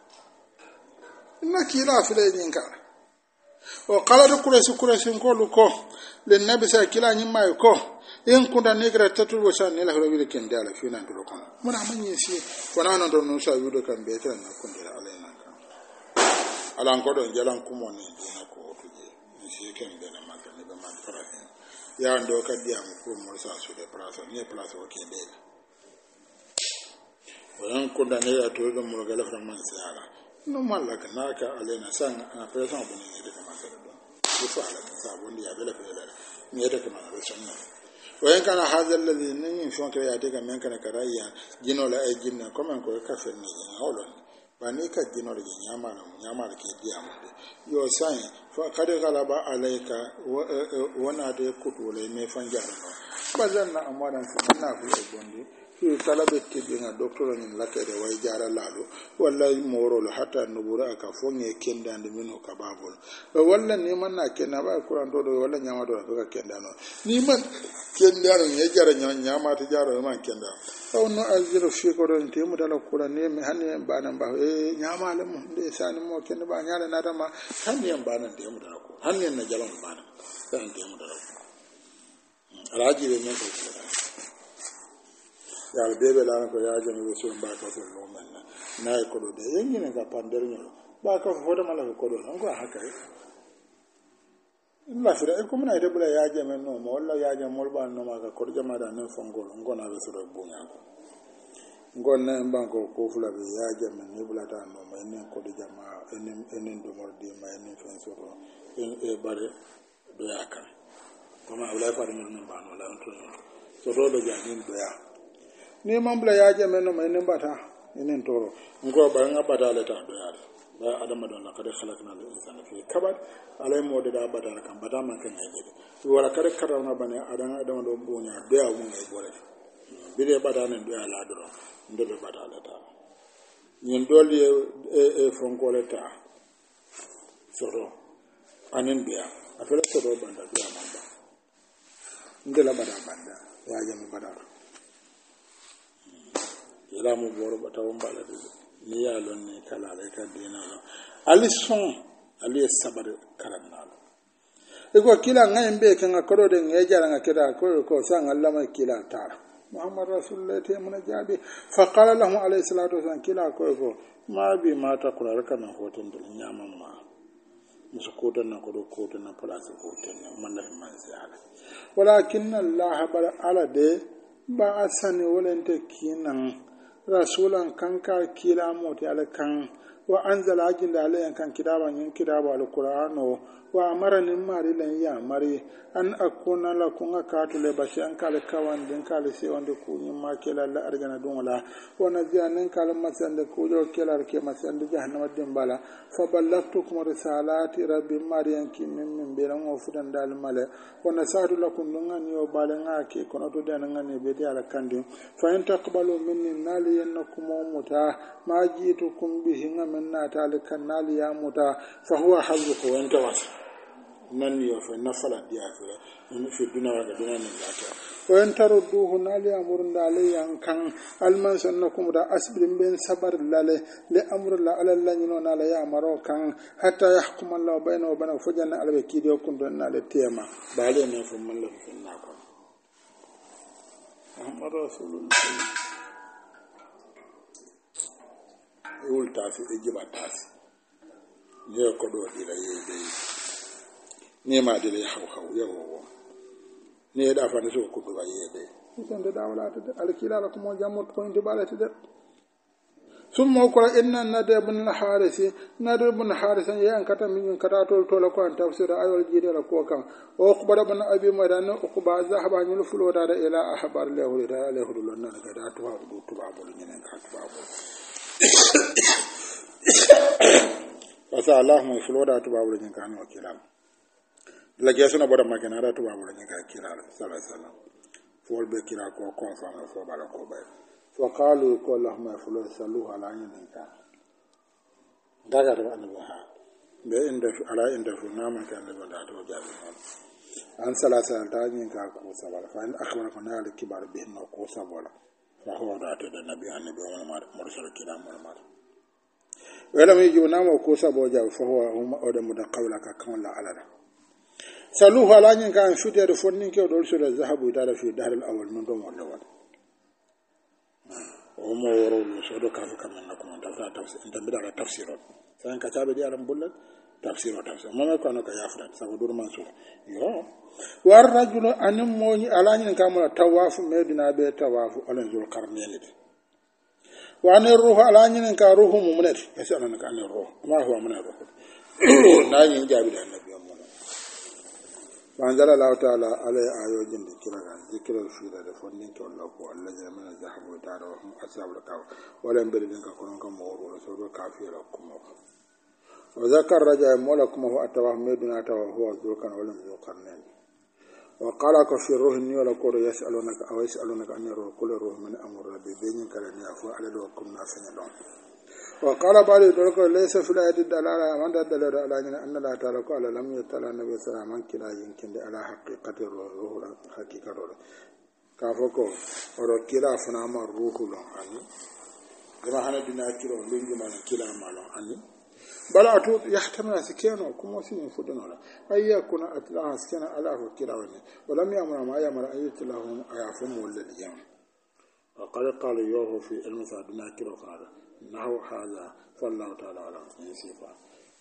A: na kilaf le o kala kuresi kuresi ngolu ko le nabi sa kila nyima ko in kunda nigra tatu wasa ne la rabbi ken dala fi nan dolo kan muna manyi si wana nan don sa yudo kan be tan na kundi ala nan kan ala ko don jalan kumo ne na ko to je ni si ken be na maka ne ba man fara ya ndo ka ko mo sa su de plaza plaza o ken to do mo ga la fara man sa ala non mallaka naka alaina san ana fere san abun ne da kamar sai ba ko fa ala ta sabon da ya bela fere ne da kamar sai san nan wayan kana hadal ladhi ni yin shon kare ya daga men kana karaya jino la ay jinna kuma ko kafir ne ya hawlon ba ni ka jino da ya mala ya mala ke diya mu yo san fa kada galaba alaika eh, eh, wana da kutu le me fanjara ba zan na amaran sai na ku gonde i kala ɓe tiɓɓiga docteur ñin lakere wai jara lalo laaɗo walla morolo hatta nobura aka fo kenda kendande mino o kababol walla ni man na kenna ba kuran do do walla nyama do ka kenda no ni man kenda kendano ye jara nyama nyama ta jara man kenda aw no algiro fikoɗon temudala kura ni mi hanni en banan ba e nyama le mu de sani mo ba kende ɓa ñaale natama hanni en mu dala ko hanni en na jalan banan mu dala ko alaji le men ko yaala beeɓe laana ko yaajano rasul mbakawtol lomanna e ko do de yengi yenginen ka pan nder fo de mala ko do on ko kay hakkay fira e, e ko commune ayde ɓula yaajamen nooma walla no ɓannoma ka koɗo jamaɗa nen fongol gonaɓe soro buñako na en banko ko fula be ne bula ta no ma e en ko koɗo jama enen dumol dima enen fen en e bare do wala kan de no ba no la on to so do be tun sotoɗo do ɗoya ni mambula yaje meno mai nin bata nin toro ngo ba nga bata le ta do yar ba adama don la kare khalaqna al insana fi kabad alay mo da bata kan bata man kan yaje wala kare na bane adama adama do bonya do ya mun ngai e bore bide bata nin do ya la do ndo be bata la ta ni dol ye e, e, e fonko le ta soro anin biya afela soro banda biya mamba ndela bada banda ya jamu bada yalamu boro ɓatawo mbaɗa ɗo ni yalonni kala ala ka dinalo ali son ali e sabare karannalo eko kila ŋayin be kaŋa koɗo de ŋe jaraŋa keta koɗo ko sa ŋa lama e kila tara muhammad rasulullah te muna jaabi fa qala lahum alayhi salatu wasalam kila koye ko ma bi ma ta kura raka men hoten dole ñaman ma musu kotan na koɗo kotan na place kotan na manda fi man siyala walakin na laha bara ala de ba asani wolente kinan rasulan kanka kila mota alkan wa anzala ajinda ala kan kidaban yin kitaba alqur'ano wa mara ni mari len ya mari an akuna la kunga katu le bashi an kale kawan din kale se wande ku ni ma ke la la arjana dun la wana zia nan kale masan de ku jo ke la ke masan de jahannama din bala fa ballaftu kum risalati rabbi maryam ki min min be ran ofu dan dal male wana sadu la kun dun an yo bala nga ke kono to dan nga ne be ala kandi fa in taqbalu minni nali yanakum muta ma jitu kum bi hinga min na tal kan nali ya muta fa huwa hazu ko wanta wasa nanni yo fo nafala diyafira ɗum fi dunawaga dunanin lata o en taro duhu naali amuru nda ley an kan alman sonno kumuda asbirin ɓen sabar lale le amuru la ala lañino naala yamaro kan hatta yahkumalla o bayno o bana fojanna alaɓe kiide o kun ton naale tema baali ene fo malla fo fenna kon ahma rasulullah e wultasi e jiɓa tasi yeyo koɗo ɗira yeydeyi nema de hau haw haw yawo ne ya dafa ne so ko ba ye de isan da dawala ta da alkila kuma ko inda bala ta da summa ko inna nadu ibn al-haris na ibn haris ya an kata min kata to to la ko an tafsira ayol jide la ko kan o khubara abin abi madan o khuba zahaba ni fulo da da ila ahbar lahu da lahu lonna daga da to ba to ba bol ni ka to ba wasa allahumma fulo da to ba bol ni ka no kilam la jesuna boɗa makene aɗa tubaɓoɗo ñi ka kirala sala sallam fowol ɓe kira ko confirme fo bala ko ɓay fo qaalu ko lahma fulo salu ala ñinin ka dagata ɓe annabi ha be inda ala inda indefu namake annabi data o to noon an sala sala ta ñin ka ku sabala fa in akhbara ko na kibar naali kibaru bihinno ku sabola fa da nabi annabi onmaɗa morsoro kira molmaɗa welam yijibu nama ku sabo jaabi fo howa mu da qawla ka la ala saluhu alañin kan de sutere fonninke ɗol suda zahabu ta itara fi darel awal non ɗon wonde won hmm. omo worowlu sodo kafu kamanna kuma tafta tafsir tambiɗaɗa tafsir o sain ka caɓe ɗi aran bullet tafsir o tafsir mame kono ka ya yafurat sabu dur mansour yo war rajulo anin moñi alañin kamola tawafu meduna be tawafu onen zol karnenite wa an anin ruhu alañinin ka ruhu mumunete kasi anani ka anin ruhu ma huwa mune ruhu nañin jaaɓiɗe annabi فأنزل الله تعالى عليه آيات ذكر ذكر الفيلة لفنين تولقوا الذين من الذهب والدار وهم أصحاب الكعبة ولم بلدن كونون كمور رسول كافي لكم وذكر رجاء مولكم هو أتواه ميدنا أتواه هو ذوكا ولم ذوقرنين وقال كفي روح نيولا كور يسألونك أو يسألونك أن يروح كل روح من أمر ربي بينك لن يعفو على لو كنا لهم وقال بعض الدركة ليس في الآية الدلالة من الدلالة على أن الله تعالى قال لم يتلى النبي صلى الله عليه وسلم كلا يمكن على حقيقة الروح حقيقة الروح كافوكو وركلا فنام الروح لهم أني جماعة الدنيا كلا ولين جماعة كلا مالهم أني بل أتو يحتمل سكينه كم وسيم فدنا لا أي يكون أتلا سكينه على روح وني ولم يأمر ما يأمر أن يتلاهم أيافهم ولا اليوم وقد قال يوه في المسعد ما كلا فعله nahu hada wallahu taala ala ni sifa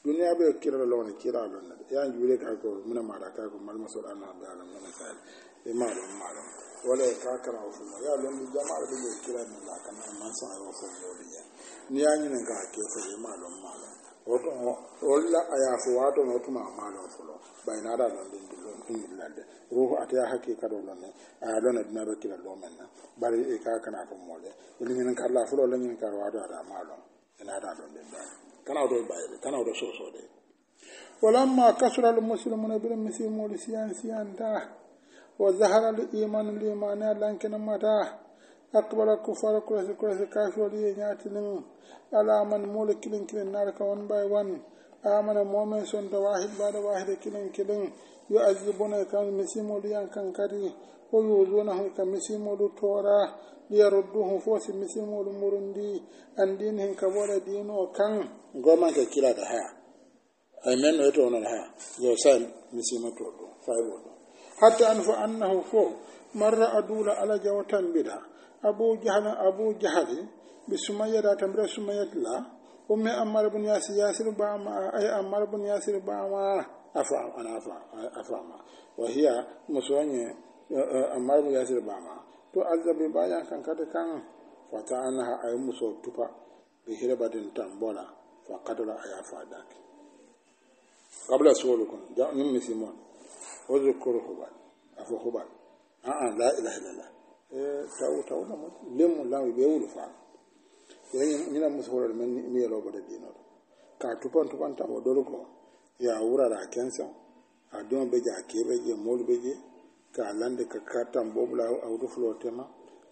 A: duniya be kira lo ne kira lo ne ya jure ka ko muna mara ka ko mal masul anna bi alam muna ka e maro maro wala ka kara o fumo ya lo mi jama'a be kira ne la kana man sa o fumo ya ni ya ni ka ke ko e maro maro o to o la aya fo wa to no tuma maro fulo baynaɗa ɗon ɗumɗillande ruhu a hakkika ɗo ɗon ne aya ɗon e dinaɗo kila ɗo men na bari e ka kana ko fo moole ilminin ka la fulo leñin ka waɗo aɗa ma ina da ɗon ɗen ɗa kana ɗo bayde kana do sosode walamma kasura al muslimuna bil misimol siyan siyan wa zahara al limani أقبل كفار كرس كرس كافر لي ياتي على من مولك كلين كلين نار باي وان amana momen son da wahid ba da wahida kilin kilin yo azibuna kan misimo liyan kan kadi ko yuzuna hum kan misimo du tora liyarudduhum fo si misimolu murundi an dinihin ka boɗa dino kan gomanke kilata haya ay men no etonon haya yo sa misimotol ɗum faybo ɗum hatta an fo annahu fo marra adula ala jawa tambida abu jahal abu jahali bi sumayya da tambira sumayyatla umme ammar ibn yasir ba ma ay ammar ibn yasir ba ma afa ana wa hiya muswanye eh, ammar ibn yasir ba ma to azabi bayan kan kada kan fata anha ay muso tufa bi hirbatin tambola fa kadara aya fadaki qabla suwalukum ja'un misimon wa hubal afu hubal a'a la ilaha illallah eh tawu tawu lamu lawi be ñina musohorol men miyeloɓode dinar ka tupan tupantamo ɗolu ko ya wurara a kensa a dima beje a keɓe je molu beje ka lande ka katan boɓula a fulo flotema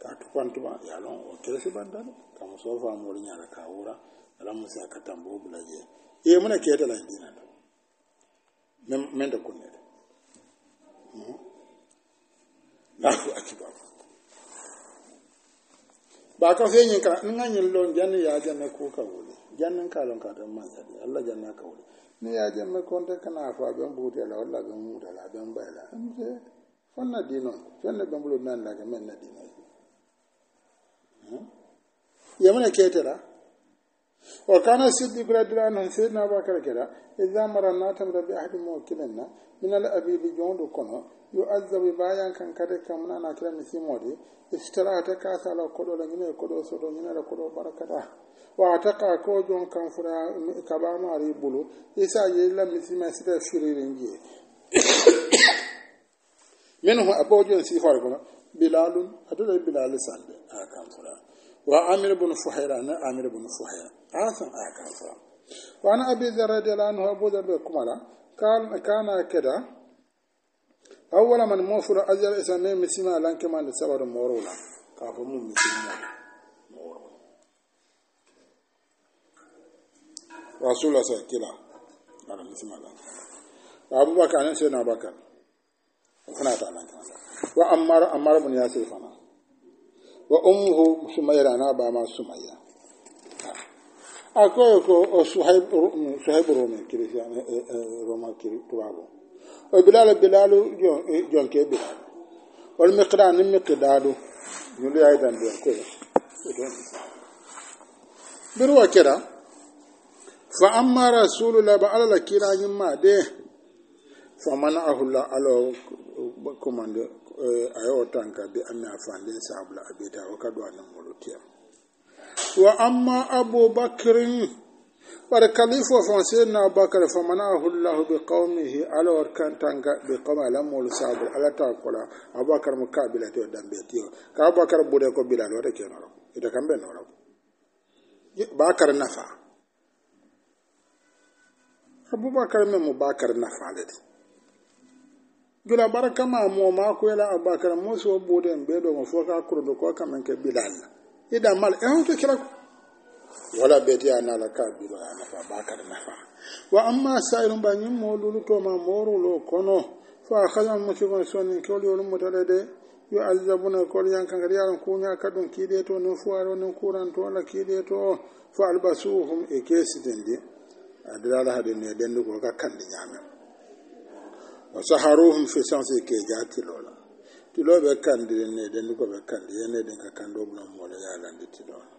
A: ka tupan tupan ya lon o keresi bandan ka muso mori ñala ka wura ala musu musa katan boɓula je e muna ke ketala lan dinar men da de kunnede hmm? allahu akbar ba ko feñi ka nga ñin lo jan ya jan ko ka wuli jan nga ka lo ka da ma da Allah jan ka wuli ne ya jan me konta kana fa ban buta la Allah ban muta la ban ba la nje fonna dino fonna ban bulu nan la ga men na dino hmm? ya mana ketera wa kana siddi gradira nan sirna ba kala kala idza mara na tamra bi ahdi mu kilanna min al abi bi jondo kono yo azabi bayan kan kade muna na kira ni simode istara ta kasa la kodo la nyina kodo so do nyina la kodo da wa ta ka ko jon kan fura ka ba ma ri bulu isa ye la misima sita shiri ringi minhu abojo si hor ko bilalun adula bilal sande kan fura wa amir ibn fuhaira na amir ibn fuhaira asan kan fura wa ana abi dharr lan hu abu dharr kumala kan kana kada awala na mo fula ajara isa ne misima lan kema da la ka fa mun misima moro rasulullah kila ala misima lan abubakar ne na bakar kana ta lan wa ammar amara bin yasir fana wa ummuhu sumayra na ba ma sumayya akoyo ko suhaib suhaib o bilala bilalu jonke bilal eh, wal miqdar ni miqdalu ni lu dan don ko bir wa kira fa amma rasulullah ba alala kira yin ma de fa mana'ahu ahulla alo commande eh, ayo tanka bi anna fande sabla abita wa kadwa nan tiyam wa amma abubakrin warkalifu fon seydna aboubacar famanahu llahu bi qawmihi ala war kantanga bi qawmi ala moolu saabul ala ta kola aboubacar mo kabilati o dambe tiyo ka aboubacar ɓuuɗe ko bilal wata kenoro ita kamɓe noro bakar nafa aboubacar men mo bakar nafale de jula barakama mo ma ko ela aboubacar mo so ɓuuɗen ɓeɗo mo fof ka kurondo ko kamen ke bilal idamal e honto kila ko wala beti ana la kabilo fa baka bakar nafa wa amma sairun ba nyum mo lulu to ma moru lo kono fa khala mo ko soni ko lo mo tale de yu azabuna ko yan kan gari yaran ko nya ki de to no fuaro no kuran to la ki de to fa albasuhum e kesi den dende adala hadin ne den ko ka kan di nyame wa saharuhum fi sansi ke jati lola tilo be kan di ne den ko be kan di ne den ka kan do mo le yalan de tilola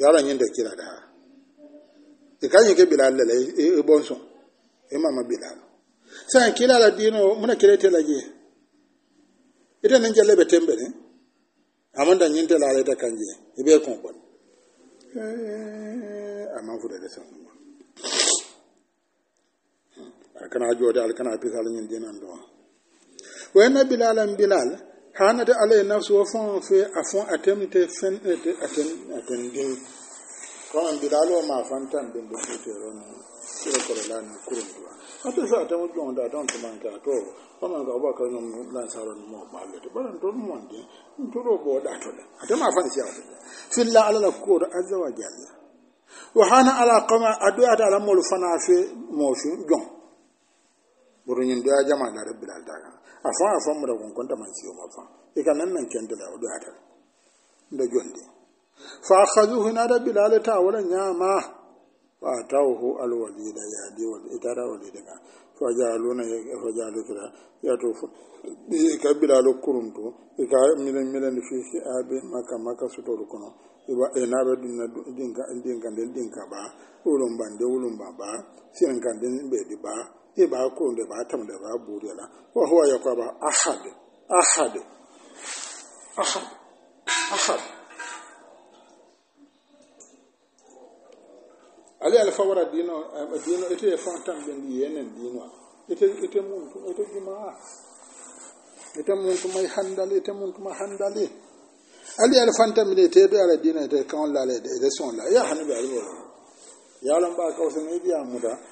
A: yaron eh? yin da kira da ha ikanyi ke bilal la e bonso e mama bilal san kila la dino muna kire te la laje ita nan jalle be tembe ne amanda nyinte la le ta kanje e be kon kon eh amma fu da da san ma alkana jode alkana pisal nyin dinan do wa na bilalan bilal hana da alai na su wafin e fi a fun atemte fin et atem atendin ko an bidalo ma fantan din su tero no sira koro la kurin kurun a ato sa ta mutu wanda don tuman ka to ko ga ba ka yin lan saro ni mo ba le to baran to mo ndi to do bo da to da ma fan siya to filla ala la ko azza wa jalla wa hana ala qama addu'a ta ala mol fana fe mo jon burin yin da jama'a da rabbil alamin a a fa mu da kunkunta man siyo ma fan ika nan nan kyan da wadu atar da jondi fa khazuhu na da bilal ta wurin ya ma fa tawhu alwali da ya di wal itara walida ka fa jaluna ya fa jalukira ya to bi ka bilal kuruntu ika milen milen fi fi abe maka maka su to rukuno iba ina ba dinna dinka dinka dinka ba ulum bande ulum ba ba sinan kan din be di ba i b'a ko de b'a tam de b'a bu de la wa huwa yaqaba ahad ahad ahad ahad ali alfa wara dino dino ite e fon tam ben yenen dino ite ite mun ite jumaa ite mun to mai handali ite mun to mai handali ali alfa tam ne te be ala dino ite kan la le de son la ya hanu be ala ya lan ba kausin ne biya muda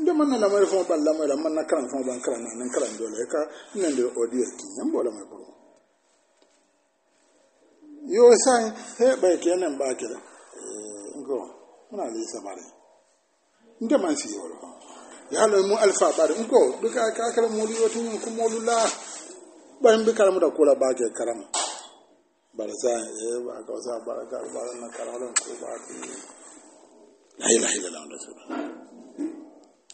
A: ndị man na lamare fɛn o ban lamare la na karan fɛn ban kalan na nan kalan dɔ i ka nan de o di yɛrɛ kiɲɛ ya b'o lamare he ba nan eh, b'a kɛ n ko n na ale ndị n si man ya lo mu alfa bari n ka kala tun bi kala mu da ba ke e ba ka sa na ko ba la ilaha illallah rasulullah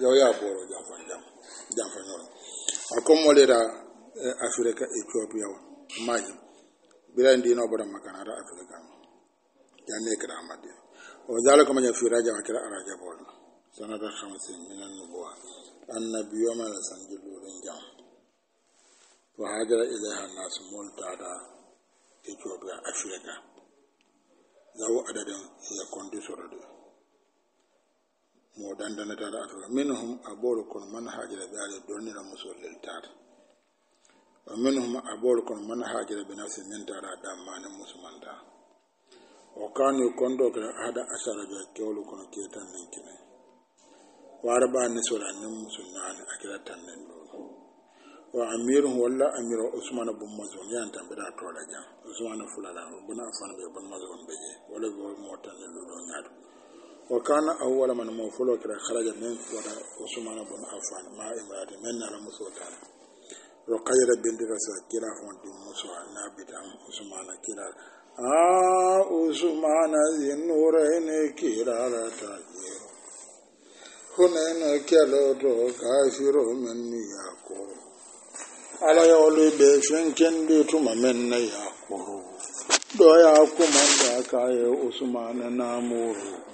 A: jawya boro jafanjam jafañoro a da eh, afirika ethiopia o maji biran dino bora makanata ya janne kira amadde o jala kamaña firaja wa kira araja bol sanata hamsin minan nubuwa annabiyoma la sanjulurin jam wa hajara ilaiha nasu da ethiopia afirika zawo adadin ya kondi sorode mo dandanatata atoto min hum aboolu kono man haajira ɓe ade donnira musollel tata o min hum aboolu kono man haajira ɓe nafsi min tara dammane musumanta o kanuyo konto kene hada asaraja kewlu kono ketan nen kine wara ɓa ni sora nin musu naane akira tan nen ɗon o amiru walla amiro usmana bun mazon yan tan ɓeɗa toola jam usmana fulala buna afanɓe bun mazon ɓeƴe wala mo tan nen ɗo ɗo ñaatu wa kana awwala man mawfulo kira kharaja min wada usman ibn affan ma ibadi min ala musa ta wa qayra bin rasul kira hon din musa na bidan usman kira a usman zin nurain kira la ta hun en kelo do kafiro min ni yako ala ya ole be shen ken de tuma men na yako do ya kuma da kai usman na muru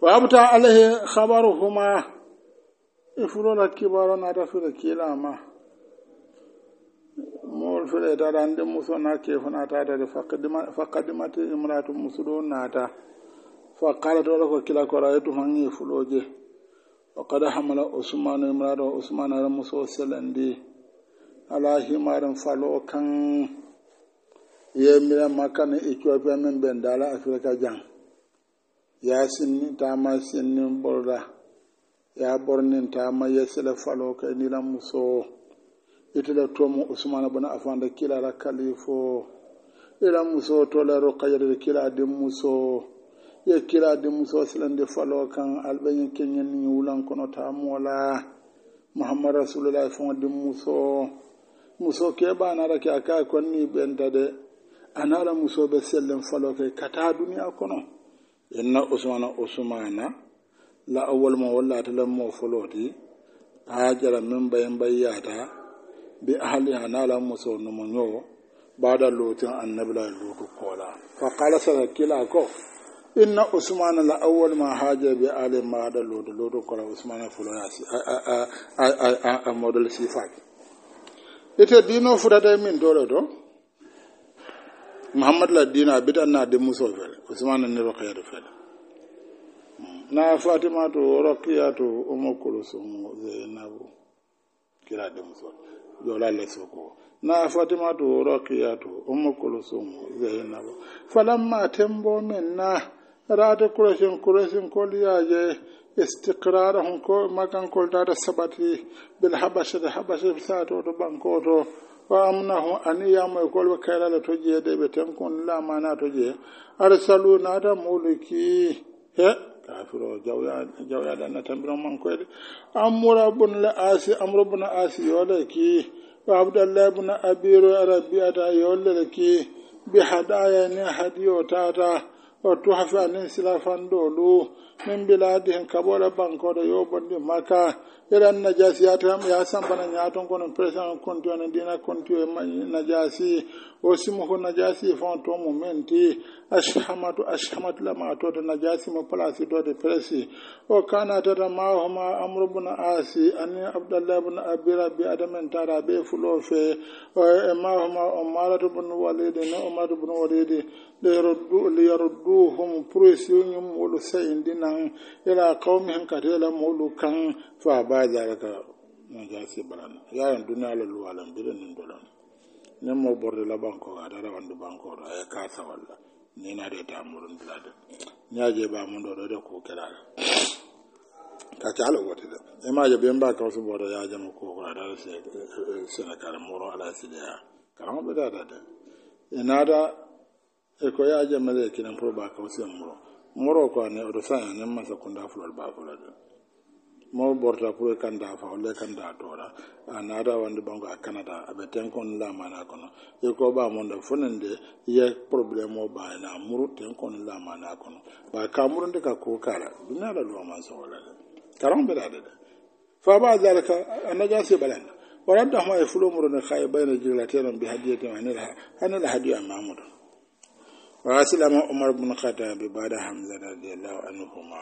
A: wa abta alayhi khabaruhuma ifulola e kibaro nata fire kilama mool fire tadande muso na kefo natatade fakadimate imratu musudo nata fakala tolo ko kila ko rayitu hangi e fuloje wa qad hamala usmanu imradu usmanu ar muso selandi ala himaran falo kan yemira makane ethiopia men ben dala afrika jang ya sinni ma sinni borda ya ma ya yesila falo kay nila muso itila usman usmana bana da kila la kalifo ila muso tola da kila di muso ya kila di muso de falo kan albayin kenyen ni wulan kono ta mola muhammad rasulullah fon di muso muso ke banara ke aka konni benta de anala muso be sellen falo kay kata duniya kono inna usmana usmana la awwal ma wallata lam mo foloti hajara min bayin bayyata bi hana nala muso numo bada baada annabi annabila lutu kola fa qala sana kila ko inna usmana la awwal ma haja bi ahli ma da lutu lutu kola usmana fulo a a a a model sifaki ite dino fudata min dole do محمد لا دين أبيت أن أدم موسى فعل عثمان na رقية فعل نا فاطمة رقية أم كلثوم زينب كلا دم موسى جولا لسوكو na fatimatu rakiyatu ummu kulsum zainab falamma tembo minna rata kurashin kurashin koliyaje istiqrarahum ko makan koltata sabati bil habashi habasha sato to bankoto faam na fo ani yaamo e kol ɓe kayrale to jee ɗe ɓe ten kon laama na to jee ar salu naata muuluki he kafiro jawyaa jawyaa ɗanna tambiron man an mura bun la asi mura bun asi yoole ki wa abdallah bun abiru arabi ata yoolere ki bi hadaya ne hadiyo tata o tuhafe anin silafan dolu min bi biladihin kabore bankore yobondi maka eɗan najasi yatam ya samba na yaton kono président konti ona dina konti e najasi o simo ko najasi e fon to mo menti ashhamatu ashhamat la tota ma to najasi mo tota place do de presi o kana ta ta ma ho ma amru bun asi ani abdallah ibn abi rabbi adam en tara be fulo fe o e ma ho ma o malatu bun walide no umar bun walide de roddu li yaruddu hum presi nyum wolu sayndinan ila qawmi hankatela mulukan fa ala jaraka najasi balan yaran duniya la luwalan birin nin dolan nin mo borde la banko ga dara wandu banko ra ya kasa walla ni na de ta murun dilada nya je ba mun do da ko kira ka ta ala wata da e ma je ben ka su bodo ya jama ko ko da se sena kar muro ala sidiya karam be da da ina da e ko ya jama le kinan pro ba ka su muro muro ko ne odo sa ne masa kunda fulal ba fulal mawu borta pour i kanta fa faxo le kanta a toora a naata wandi bango a kanata a be ten kon lamana kono i ko ba monda fo nen de ye problem o baayina a muru ten kon lamana kono ba ka murundi ka ko kara na da luwaman sogo la da karaŋo be da de fa ba zalika a najasi balen wala da ma e fulo muru ne xaye bayina jirila teno bi hadiya tema hani la hadiya mamudo wa asilama umar bin khatabi bada hamzata radiallahu anhuma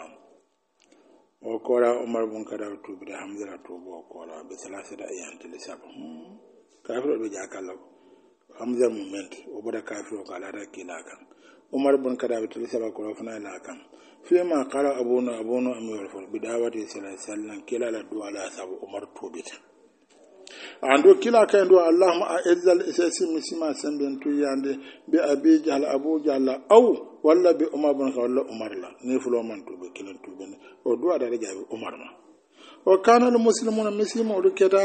A: okora omar bun kada tubi da hamzira tubi okora bi salasa da iya hantali sabu hmm. kafiro bi ja kallo hamza moment obada o kala da ke lakan umar bun kada bi tuli sabu okora fana lakan fi ma kara abuna abuna amiyar fur bi dawati salasa lan kila la duwa la sabu umar tubi ta ando kila kayen do allahuma a izzal isasi misima tu yande bi abi jahl abu jahla aw walla be umar bin khattab umar la ne fulo man kilan kilen be o duwa dara jaabi umar ma o kana al muslimuna misima o keta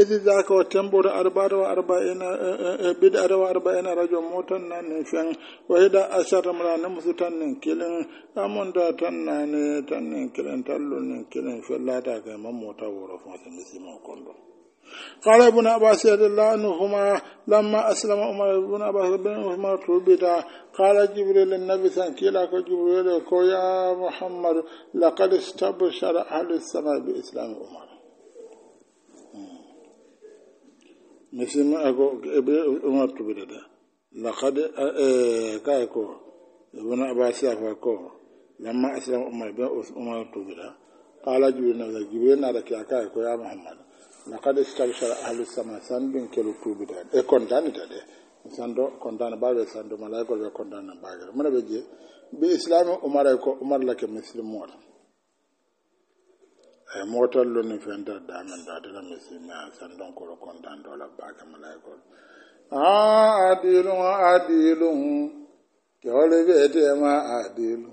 A: idi zaka o temboto arbata wa arbaina eh, eh, eh, bida ata wa arbaina radio mo tan nane fen o hida asata mra ne musu tan nen kilin amonda tan ne tan nen kilin tallu nen kilin fellata ga mammo mota woro fonse misima o kon قال ابن عباس رضي الله عنهما لما أسلم عمر ابن عباس بن عمر تربيتا قال جبريل النبي سنكيلا كجبريل يا محمد لقد استبشر أهل السماء بإسلام عمر misima ako umar tubirata lakade eh, kay ko ibn abas yafa ko lamma aslama umar ben umar tubira qala jibril nada jibril nada kiya kay ko ya muhammad laqad istabsara ahlu sama san bin kelu tuubidaani e kontaani taɗe sando kontaana baaɓe sando malaikol ɓe kontaana baagere mona ɓe jee ɓe islami umara ko umar lake muslim moota eyi mootollu ni fentata daamen ɗo atena muslim a sandon koro kontan ɗo la baage malaikol a ah, adilu adilu kewole wiyeteema adilu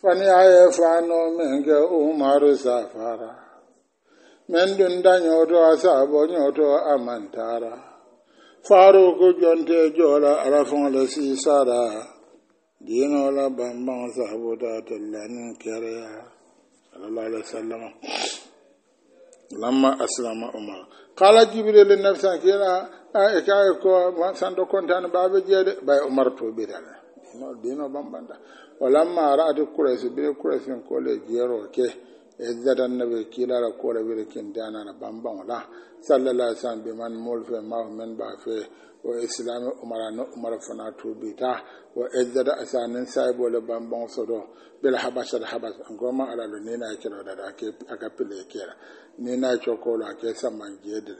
A: fani aye faano men ke umaru safara men ɗum daño to a saaboño to amantara faruku jonte joola ala fonle si sara dinola bamban sabuta tellanin kereya sallallahu alaihi wasallam lamma aslama umar kala jibril nafsan kila e kaye ko santo kontane baaɓe jeeɗe ɓay umar toɓirala dino bambanta o lamma raati kuraysi bine kuraysin kole jeero ke ko annabi kilara kola dana kintanana banbaŋola sallallahu alaihi wasallam biman moolu fe maahu men ba fe wo islam umara no umara fana to wo wa ezada asanin saibo le banbaŋo sodo bil habasat habas ngoma ala lo nina ye da da ake aka pile kira nina ye cokolo ake samman jeedi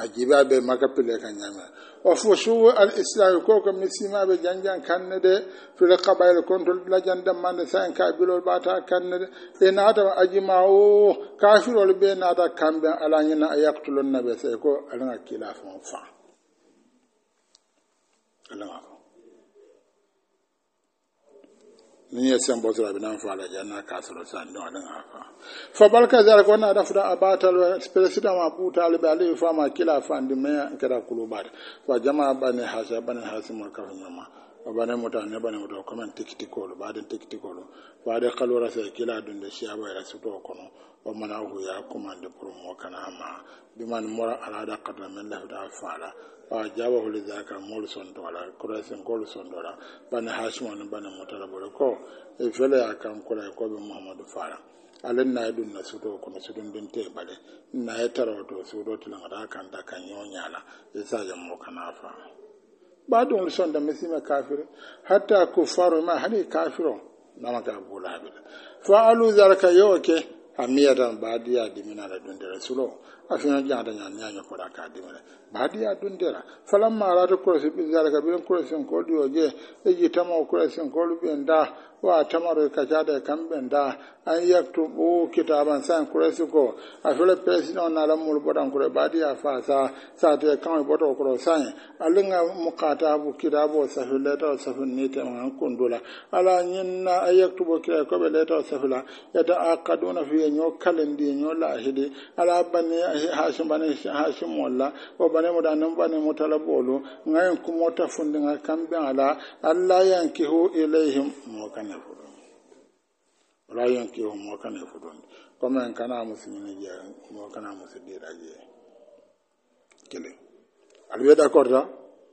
A: a jiba ɓe makapile ka ñamira o fo suwo al islami ko ko mi simaɓe janjan kannede fila kabayle contol lajandemmande san kabilol ɓata kannede ɓe natama ajima o kafirol ɓe nata kamɓe ala ñina a yaktulonnaɓe sey ko alaga kilafon fa alaga fa ni ye sembo sira bi nan fala janna ka solo san do nan afa fa balka zar ko na dafuda abatal president ma butal be ali fama kila fandi me kera kulubar fa jama bani hasa bani hasim ka fama a mota ne bana mota kaman tikiti kolo baden tikiti ba da kalora sai kila dunde shiyaba ya suto kono o mana hu ya commande pour mo kana ma biman mora da qadra min lahu da fala wa jaba hu lidaka mol son dola kura sen kol son dola bana hashman bana mota la bolo ko e fele ya kan kula ko be muhammadu fala alin na dun na suto kono sudun dun te bale na ya tarawato sudo tilanga da kan da kan yonya la isa e jammo kana fa baɗum sonda misima kafire hatta kuffaru ma haɗi kafiro namaka bulaɓila fa alu zalika yo ke a dimina da diminala da rasulo asuna jangata ñani ñaño koɗa ka dimre baadiya dundera falamma arata kurasi bizalika biren kurasin kolɗi o je eji tamao kurasin kolɗu ɓen da wa tamaro kacada e kamɓen da an yaktubu kitaban san kurasi ko a fele président naala mulu boɗan kure baadiya fa sa sate kan boto koro san alinga mukatabu kitabo safi leta o safi nitema an kundula ala ñinna a yaktubo kira koɓe leta o safila yata aqaduna fiye ño kalendi ño lahidi ala banne hashim bani hashim molla wa bani mudanin bani mutala bolu ngayin kumota fundinga kambe ala allah yankihu ilayhim mokane fudu wala yankihu mokane fudu kama kana musimini je mokana musidira je kile alweda korda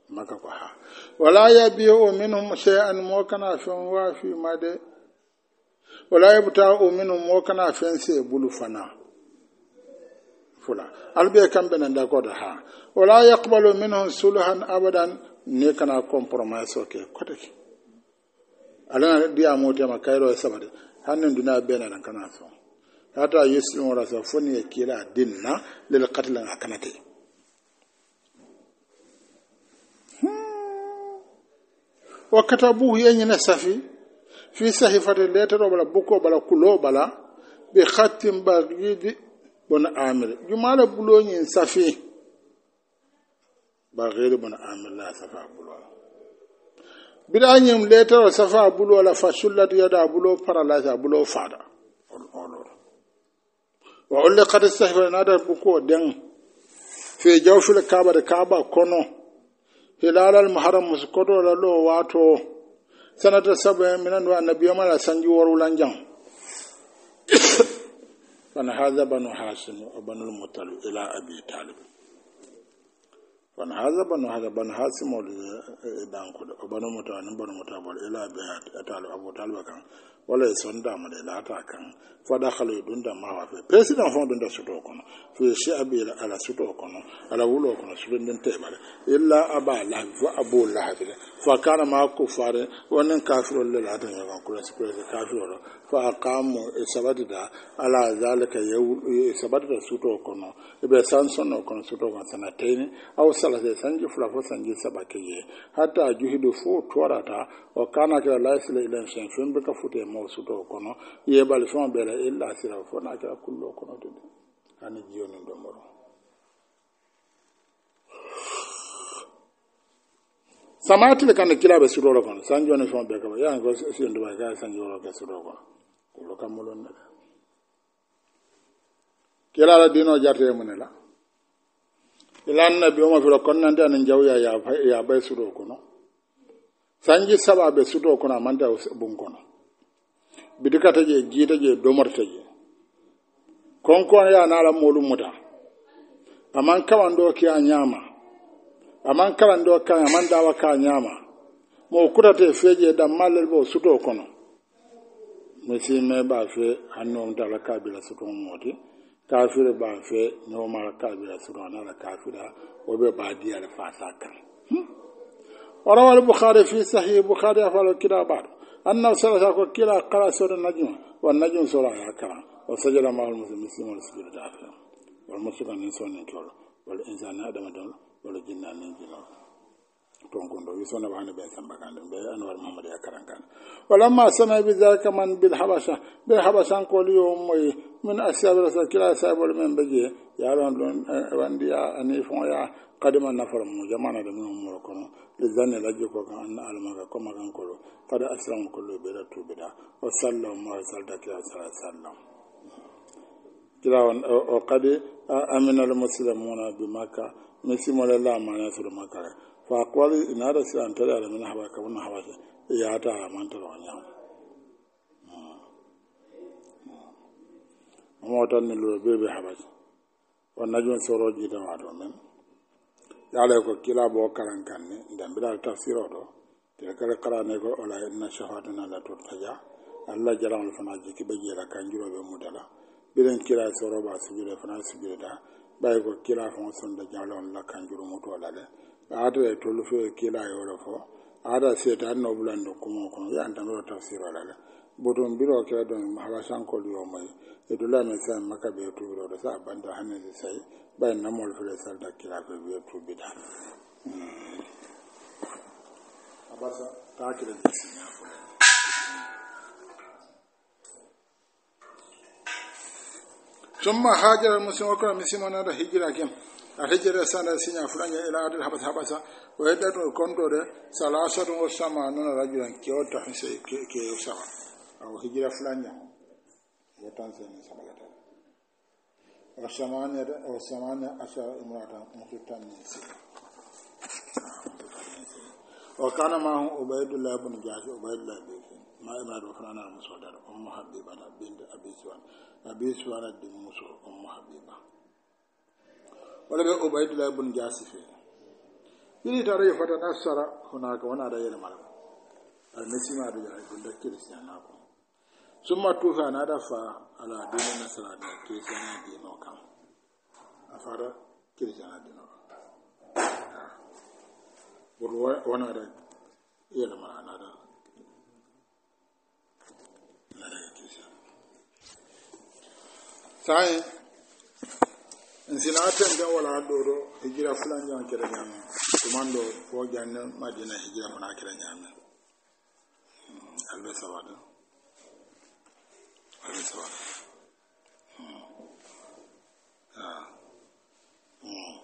A: maka ko ha wala yabiu minhum shay'an mokana fon wa fi made wala yabta'u minhum mokana fense bulu fana fula albe kamɓe nan dagoɗo ha wala yaqbalu minhum sulhan abadan ne kana compromise o ke koteke alana mbiyamutema kayro e sabade hannin duniya bene nan kana so hata yuslimu rasa foni ye kila dinna lil qatl a kanate hmm. wa katabuhu yeñine safi fi sahifati letero bala buko bala kulo bala bi khattin bagidi bin amir jumala bulo nyin safi ba ghairu bin amir la safa bulo bida nyim letter safa bulo la fasullat yada bulo paralasa bulo fada wa ulle qad istahfara nada buko den fi jawfil kaaba da kaaba kono hilal al muharram muskoto la lo wato sanata sab'a minan wa annabiyyu mala sanji warulan jang فنهذا بنو هاشم وبنو المطلب إلى أبي طالب فنهذا بنو هذا بنو هاشم ودانكود وبنو مطلب بنو مطلب إلى أبي طالب أبو طالب كان ولا يسون دام لا تاكن فدخلوا دون دام ما في president فون دون سوتو كون في شي شعبي على سوتو كون على ولو كون سوتو دين تبال إلا أبا لهب وأبو لهب فكان ما كفار ونن كافر لا تنكون كافر fo a kaamu sabatita ala zalika sabatita suto kono ibe san kono suto kono sana teni aw salase sanji fula fo sanji saba keye hatta juhidu fo torata o kana kira laisila ilan shen fen fute maw suto kono ye bali fon bela illa sira fo na kullo kono ani kana kila be sudoro kono sanjoni fon be kaba yan ko sindu ba ga sanjoro ke sudoro kono kolo kammolon nala kila la dino jarte mu ne la ila annabi omo filo konnante anin jawya yaabay suto kono sanji saba ɓe suto kono amanta bun kono bidikata je jiita je domorta je konkon ya nala molum muta aman kawan do ke a ñaama aman kalan do ka aman dawa ka a mo kutate feeje ɗam mallel bo suto kono muslime ɓa fe hannowta ala kabila soton mooti kafire ɓa fe ñowma ala kabila soton ana ala kafira o ɓe ɓa di ala fasa kan وروى البخاري في صحيح البخاري أفعل الكلا بعد أنه سلسة كلا قرأ سورة النجم والنجم سورة كلا وسجل معه المسلم مسلم والسجل دافع والمسلم أن ينسون والإنسان آدم دول والجنة من جنوب tonkundo sona bahane ben samba sambagande be anwar mahamad ya wala ma sama bi zalika man bil habasha bil habashan koli yo moy min asyab rasul kila sabol men beje ya lon don eh, wandiya ani fon ya kadima nafar mu jamana da mu mu ko no da zanne la jiko kan an alma ko magan ko kolo fada aslam kullu bi ratu bida wa sallallahu wa sallata kila sallam kila on o kadi amina al muslimuna bi makkah mesi mo la mana sur makkah fa kwali ina da an tare da mun haba ka wannan haba ya ta manta da wannan motan ni lura haba habaj wannan jun soro ji da wato men ya la ko kila bo karan kan ne dan bi da tafsiro do te kala kala ne ko ola inna shahadatuna la turtaja allah mun fana ji ki bage la kan juro be mudala bidan kila soro ba su jure fana su jure da bai ko kila mun sun da jalon la kan to la le ada ye tolu fo ye kila yoro fo ada seta an no bulando kumo kono ye antanoro tafsiro la la boton biro ke don mahaba sankol yo mai e dula me sa maka be to biro da sa banda hanen se sai bai na mol fere sal da kila be be to bida hmm. abasa ta kira da sinya fulani ثم هاجر المسلم وكان مسلم هذا هجرة كم a hijere e sanda siña furaña ila e adil habasa habasa o heddat e o comptode salasatu o sama nana rajulan ke o tahin se ke o sama o hijira furaña o tansen samagata o samane o samane asa imratan mutitan ni se o kana ma hu ubaydullah ibn jahsh ubaydullah ibn jahsh ma imratu furana musawdar ummu habiba bint abi suwan abi suwan ad-dimusu ummu habiba wala bɛ ubaidullah ibn jasif yiri tare ya fata nasara kuna hunaka wana da yana malama almesi ma da ya haifun da kiristiyana ko sun ma tufa na dafa ala din nasara da kiristiyana da yana kan a fara kiristiyana da yana kan wani da yana malama da kiristiyana sa'in nsinaaten ten wala doro hijira fulan jan kere ñaame tuman do fo janne madina hijira fana kere ñaame hmm, alba sawada alba sawada hmm. ah. hmm.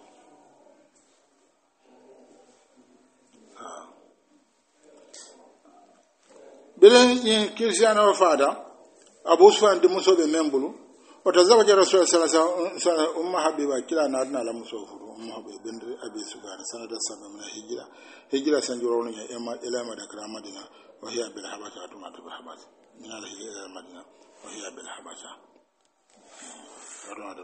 A: ah. bilen yin kirisiyanoro faada abou sufan di be men bulu wata zaba ga rasuwa salasa un kila na adina la musu furu un mahabiba ibn abi sugan hijira hijira san wani madina bil habata atuma bil habata hijira madina bil habata furan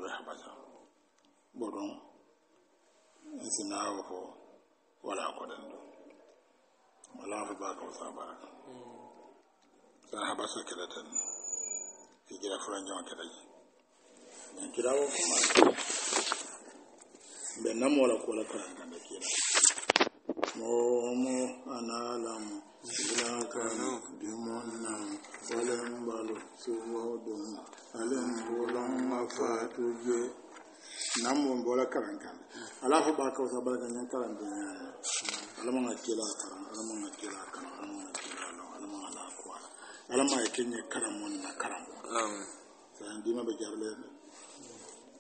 A: kirawo kuma be namola kola ka ganda kira momo analamu ilaka dimonna walem balu suwodum alem bolam mafatu je namu bola karankan ala fo ba ka sa ba ka nyan karan de nyan ala ma kila karan ala ma kila karan ala ma kila no ala ma ala kwa ala ma kenye karamon na karam amen sa ndima be jarle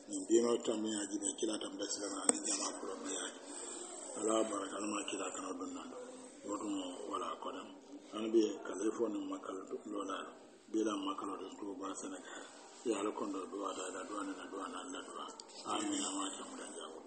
A: nin dino tambe ya jibe kila tambe silana ni jama kulo mi yaji ala baraka ma kila kana nan do wodu mo wala ko dan an bi kale fo nin makal do la be la makal duk to ba senegal ya ala kondo do wada da do na do na Allah do amin ma ta mu dan jago